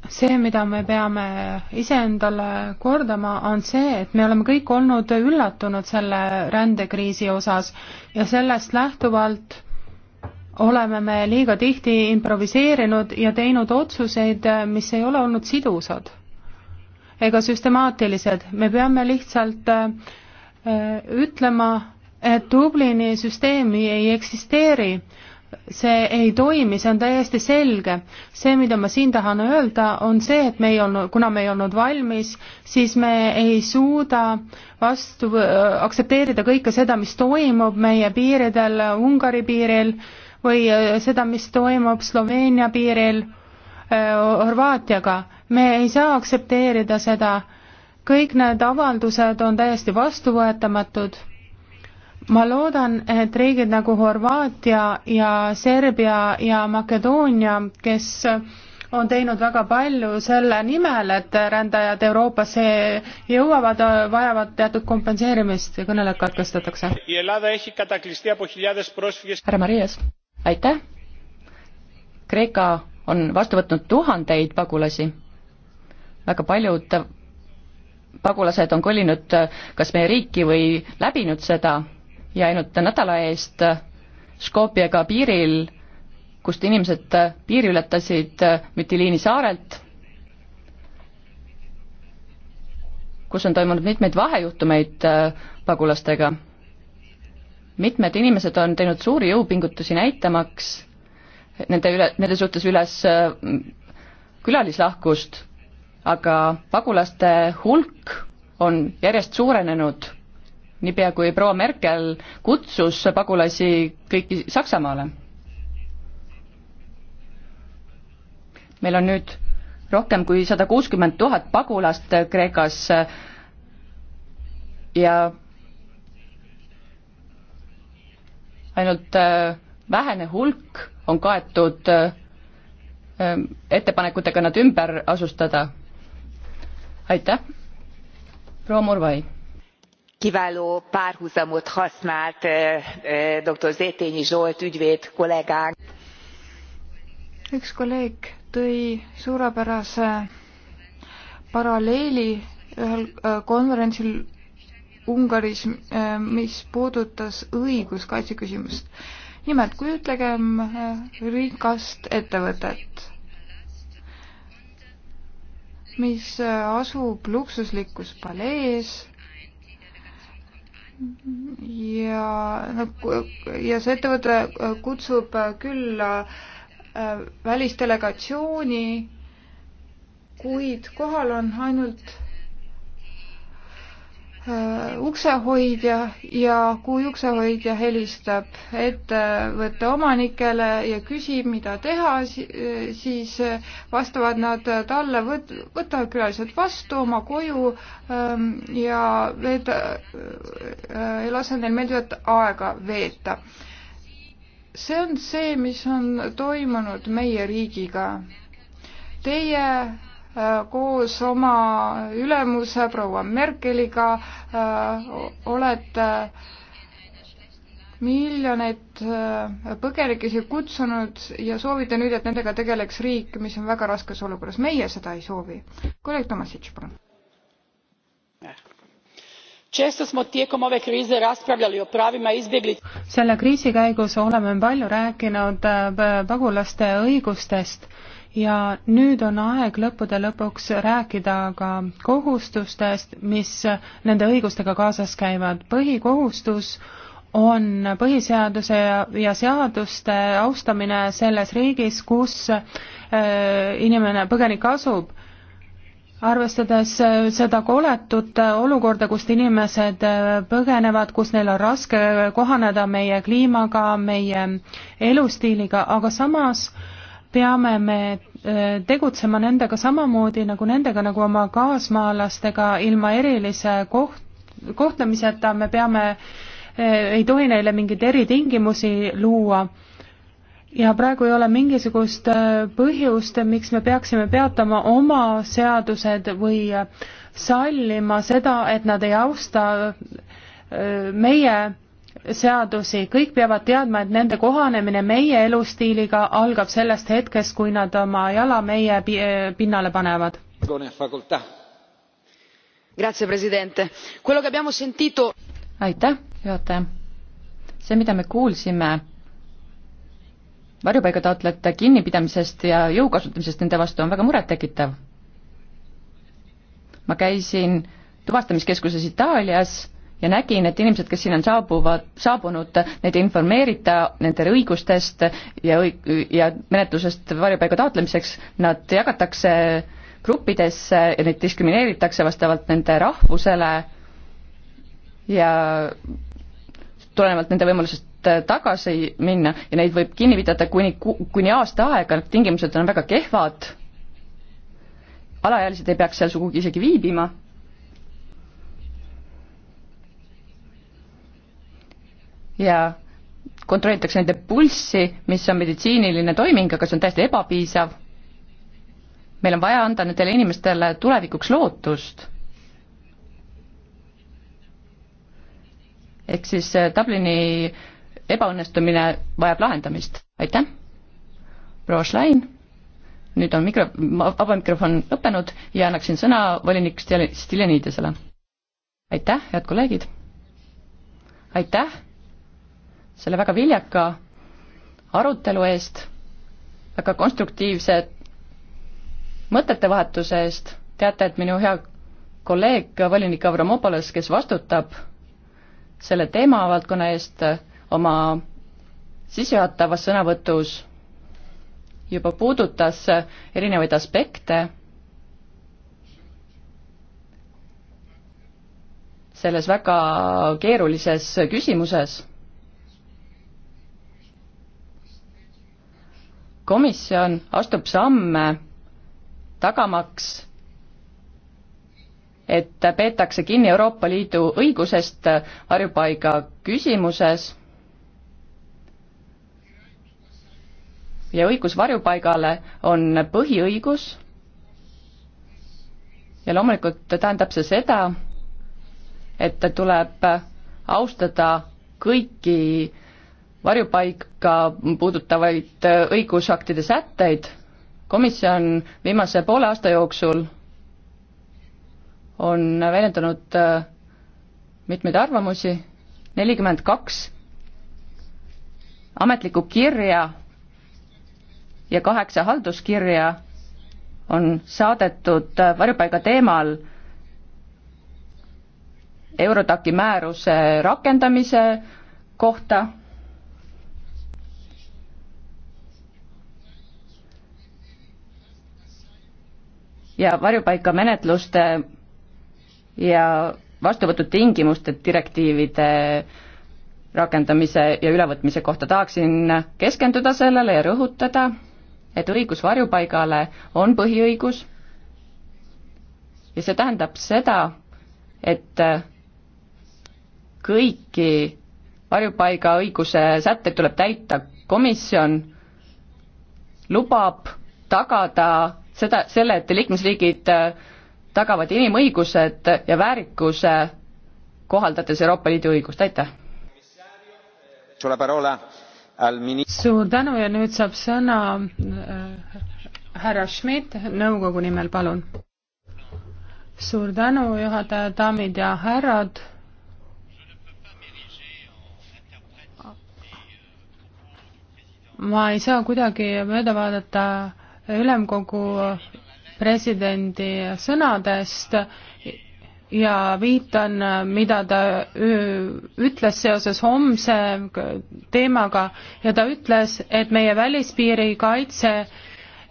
see mida me peame iseendale kordama on see et me oleme kõik olnud üllatunud selle rändekriisi osas ja sellest lähtuvalt oleme me liiga tihti improviseerinud ja teinud otsuseid mis ei ole olnud sidusad ega süstemaatilised me peame lihtsalt Äh, ütlema, et Dublini süsteemi ei eksisteeri. see ei toimi, see on täiesti selge. see, mida ma siin tahan öelda, on see, et me ei olnud, kuna me ei olnud valmis, siis me ei suuda vastu äh,, aktsepteerida kõike seda, mis toimub meie piiridel, Ungari piiril või äh, seda, mis toimub Sloveenia piiril äh, Horvaatiaga. me ei saa aktsepteerida seda äh, kõik need avaldused on täiesti vastuvõetamatud. ma loodan, et riigid nagu Horvaatia ja Serbia ja Makedoonia, kes on teinud väga palju selle nimel, et rändajad Euroopasse jõuavad, vajavad teatud kompenseerimist ja kõnele katkestatakse. härra Marias, aitäh! Kreeka on vastu võtnud tuhandeid pagulasi, väga paljud pagulased on kolinud äh, kas meie riiki või läbinud seda ja ainult nädala eest äh, Skopjega piiril, kust inimesed äh, piiri ületasid Mütiliini saarelt, kus on toimunud mitmeid vahejuhtumeid pagulastega. mitmed inimesed on teinud suuri jõupingutusi näitamaks nende üle, nende suhtes üles külalislahkust aga pagulaste hulk on järjest suurenenud, niipea kui proua Merkel kutsus pagulasi kõiki Saksamaale. meil on nüüd rohkem kui sada kuuskümmend tuhat pagulast Kreekas ja ainult äh, vähene hulk on kaetud äh, ettepanekutega nad ümber asustada aitäh, proua Murvai. kiváló párhuzamot használt dr. Zétényi Zsolt ügyvéd kollégánk. üks kolleeg tõi suurepärase paralleeli ühel konverentsil Ungaris, mis puudutas õiguskaitse küsimust. nimelt, kujutlegem rikast ettevõtet mis äh, asub luksuslikus palees ja no ja see ettevõte äh, kutsub äh, külla välisdelegatsiooni, kuid kohal on ainult Äh, uksehoidja ja kui uksehoidja helistab ettevõtte omanikele ja küsib, mida teha, siis äh, vastavad nad talle, võt-, võtavad külalised vastu oma koju ähm, ja veed-, äh, ei lase neil meeldivat aega veeta. see on see, mis on toimunud meie riigiga. Teie Äh, koos oma ülemuse proua Merkeliga äh, olete äh, miljoneid põgenikesi kutsunud ja soovite nüüd, et nendega tegeleks riik, mis on väga raskes olukorras. meie seda ei soovi. kolleeg Tomasic, palun. selle kriisi käigus oleme palju rääkinud pagulaste õigustest ja nüüd on aeg lõppude lõpuks rääkida ka kohustustest, mis nende õigustega kaasas käivad. põhikohustus on põhiseaduse ja, ja seaduste austamine selles riigis, kus äh, inimene, põgenik asub arvestades äh, seda koletut äh, olukorda, kust inimesed põgenevad, kus neil on raske kohaneda meie kliimaga, meie elustiiliga, aga samas äh, peame me äh, tegutsema nendega samamoodi nagu nendega, nagu oma kaasmaalastega, ilma erilise koht, kohtlemiseta, me peame, äh, ei tohi neile mingeid eritingimusi luua. ja praegu ei ole mingisugust äh, põhjust, miks me peaksime peatama oma seadused või sallima seda, et nad ei austa meie seadusi, kõik peavad teadma, et nende kohanemine meie elustiiliga algab sellest hetkest, kui nad oma jala meie pinnale panevad. aitäh, juhataja. see, mida me kuulsime varjupaigataotlejate kinnipidamisest ja jõu kasutamisest nende vastu, on väga murettekitav. ma käisin tuvastamiskeskuses Itaalias ja nägin, et inimesed, kes sinna on saabuvad, saabunud, neid ei informeerita nende õigustest ja õig-, ja menetlusest varjupaiga taotlemiseks, nad jagatakse gruppidesse ja neid diskrimineeritakse vastavalt nende rahvusele ja tulenevalt nende võimalusest tagasi minna ja neid võib kinni pidada kuni, kuni aasta aega, need tingimused on väga kehvad, alaealised ei peaks seal sugugi isegi viibima ja kontrollitakse nende pulssi, mis on meditsiiniline toiming, aga see on täiesti ebapiisav. meil on vaja anda nendele inimestele tulevikuks lootust. ehk siis äh, Dublini ebaõnnestumine vajab lahendamist, aitäh. proua Schlein, nüüd on mikro, vaba mikrofon lõppenud ja annaksin sõna volinik Stiljanidesele. aitäh, head kolleegid. aitäh selle väga viljaka arutelu eest, väga konstruktiivse mõtetevahetuse eest, teate, et minu hea kolleeg, volinik Avramopolos, kes vastutab selle teemavaldkonna eest oma sissejuhatavas sõnavõtus juba puudutas erinevaid aspekte selles väga keerulises küsimuses komisjon astub samme tagamaks, et peetakse kinni Euroopa Liidu õigusest varjupaiga küsimuses ja õigus varjupaigale on põhiõigus ja loomulikult tähendab see seda, et tuleb austada kõiki varjupaika puudutavaid äh, õigusaktide sätteid, komisjon viimase poole aasta jooksul on väljendanud äh, mitmeid arvamusi, nelikümmend kaks ametlikku kirja ja kaheksa halduskirja on saadetud äh, varjupaiga teemal Eurodaki määruse rakendamise kohta ja varjupaikamenetluste ja vastuvõtutingimuste direktiivide rakendamise ja ülevõtmise kohta tahaksin keskenduda sellele ja rõhutada, et õigus varjupaigale on põhiõigus ja see tähendab seda, et kõiki varjupaigaõiguse sätteid tuleb täita, komisjon lubab tagada seda, selle, et liikmesriigid äh, tagavad inimõigused ja väärikuse, kohaldades Euroopa Liidu õigust, aitäh! suur tänu ja nüüd saab sõna äh, härra Schmidt, nõukogu nimel, palun! suur tänu, juhataja, daamid ja härrad ma ei saa kuidagi mööda vaadata ülemkogu presidendi sõnadest ja viitan, mida ta ütles seoses homse teemaga ja ta ütles, et meie välispiiri kaitse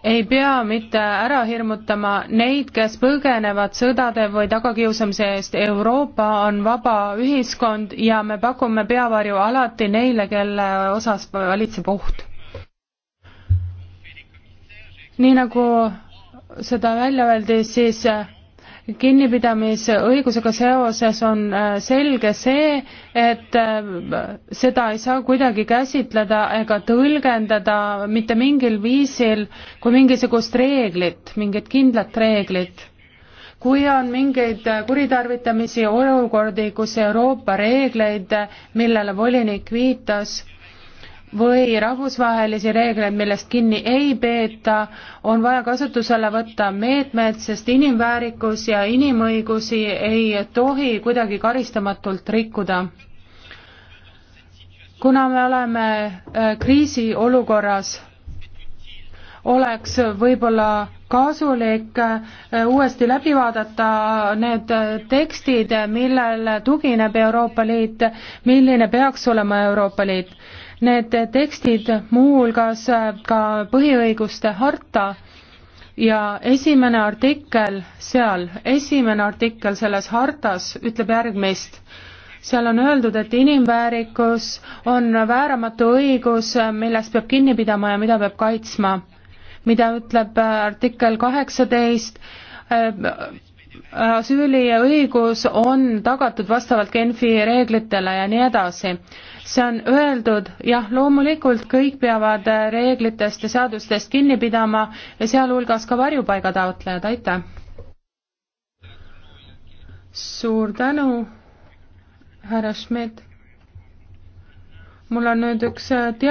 ei pea mitte ära hirmutama neid, kes põgenevad sõdade või tagakiusamise eest. Euroopa on vaba ühiskond ja me pakume peavarju alati neile, kelle osas valitseb oht nii nagu seda välja öeldi, siis äh, kinnipidamise õigusega seoses on äh, selge see, et äh, seda ei saa kuidagi käsitleda ega tõlgendada mitte mingil viisil kui mingisugust reeglit, mingit kindlat reeglit kui on mingeid kuritarvitamisi, olukordi, kus Euroopa reegleid, millele volinik viitas, või rahvusvahelisi reegleid, millest kinni ei peeta, on vaja kasutusele võtta meetmed, sest inimväärikus ja inimõigusi ei tohi kuidagi karistamatult rikkuda. kuna me oleme äh, kriisiolukorras, oleks võib-olla kasulik äh, uuesti läbi vaadata need äh, tekstid, millele tugineb Euroopa Liit, milline peaks olema Euroopa Liit Need tekstid, muuhulgas ka põhiõiguste harta ja esimene artikkel seal, esimene artikkel selles hartas ütleb järgmist seal on öeldud, et inimväärikus on vääramatu õigus, millest peab kinni pidama ja mida peab kaitsma. mida ütleb artikkel kaheksateist, asüüli õigus on tagatud vastavalt Genfi reeglitele ja nii edasi see on öeldud, jah, loomulikult kõik peavad äh, reeglitest ja seadustest kinni pidama ja sealhulgas ka varjupaiga taotlejad, aitäh! suur tänu, härra Schmidt. mul on nüüd üks äh,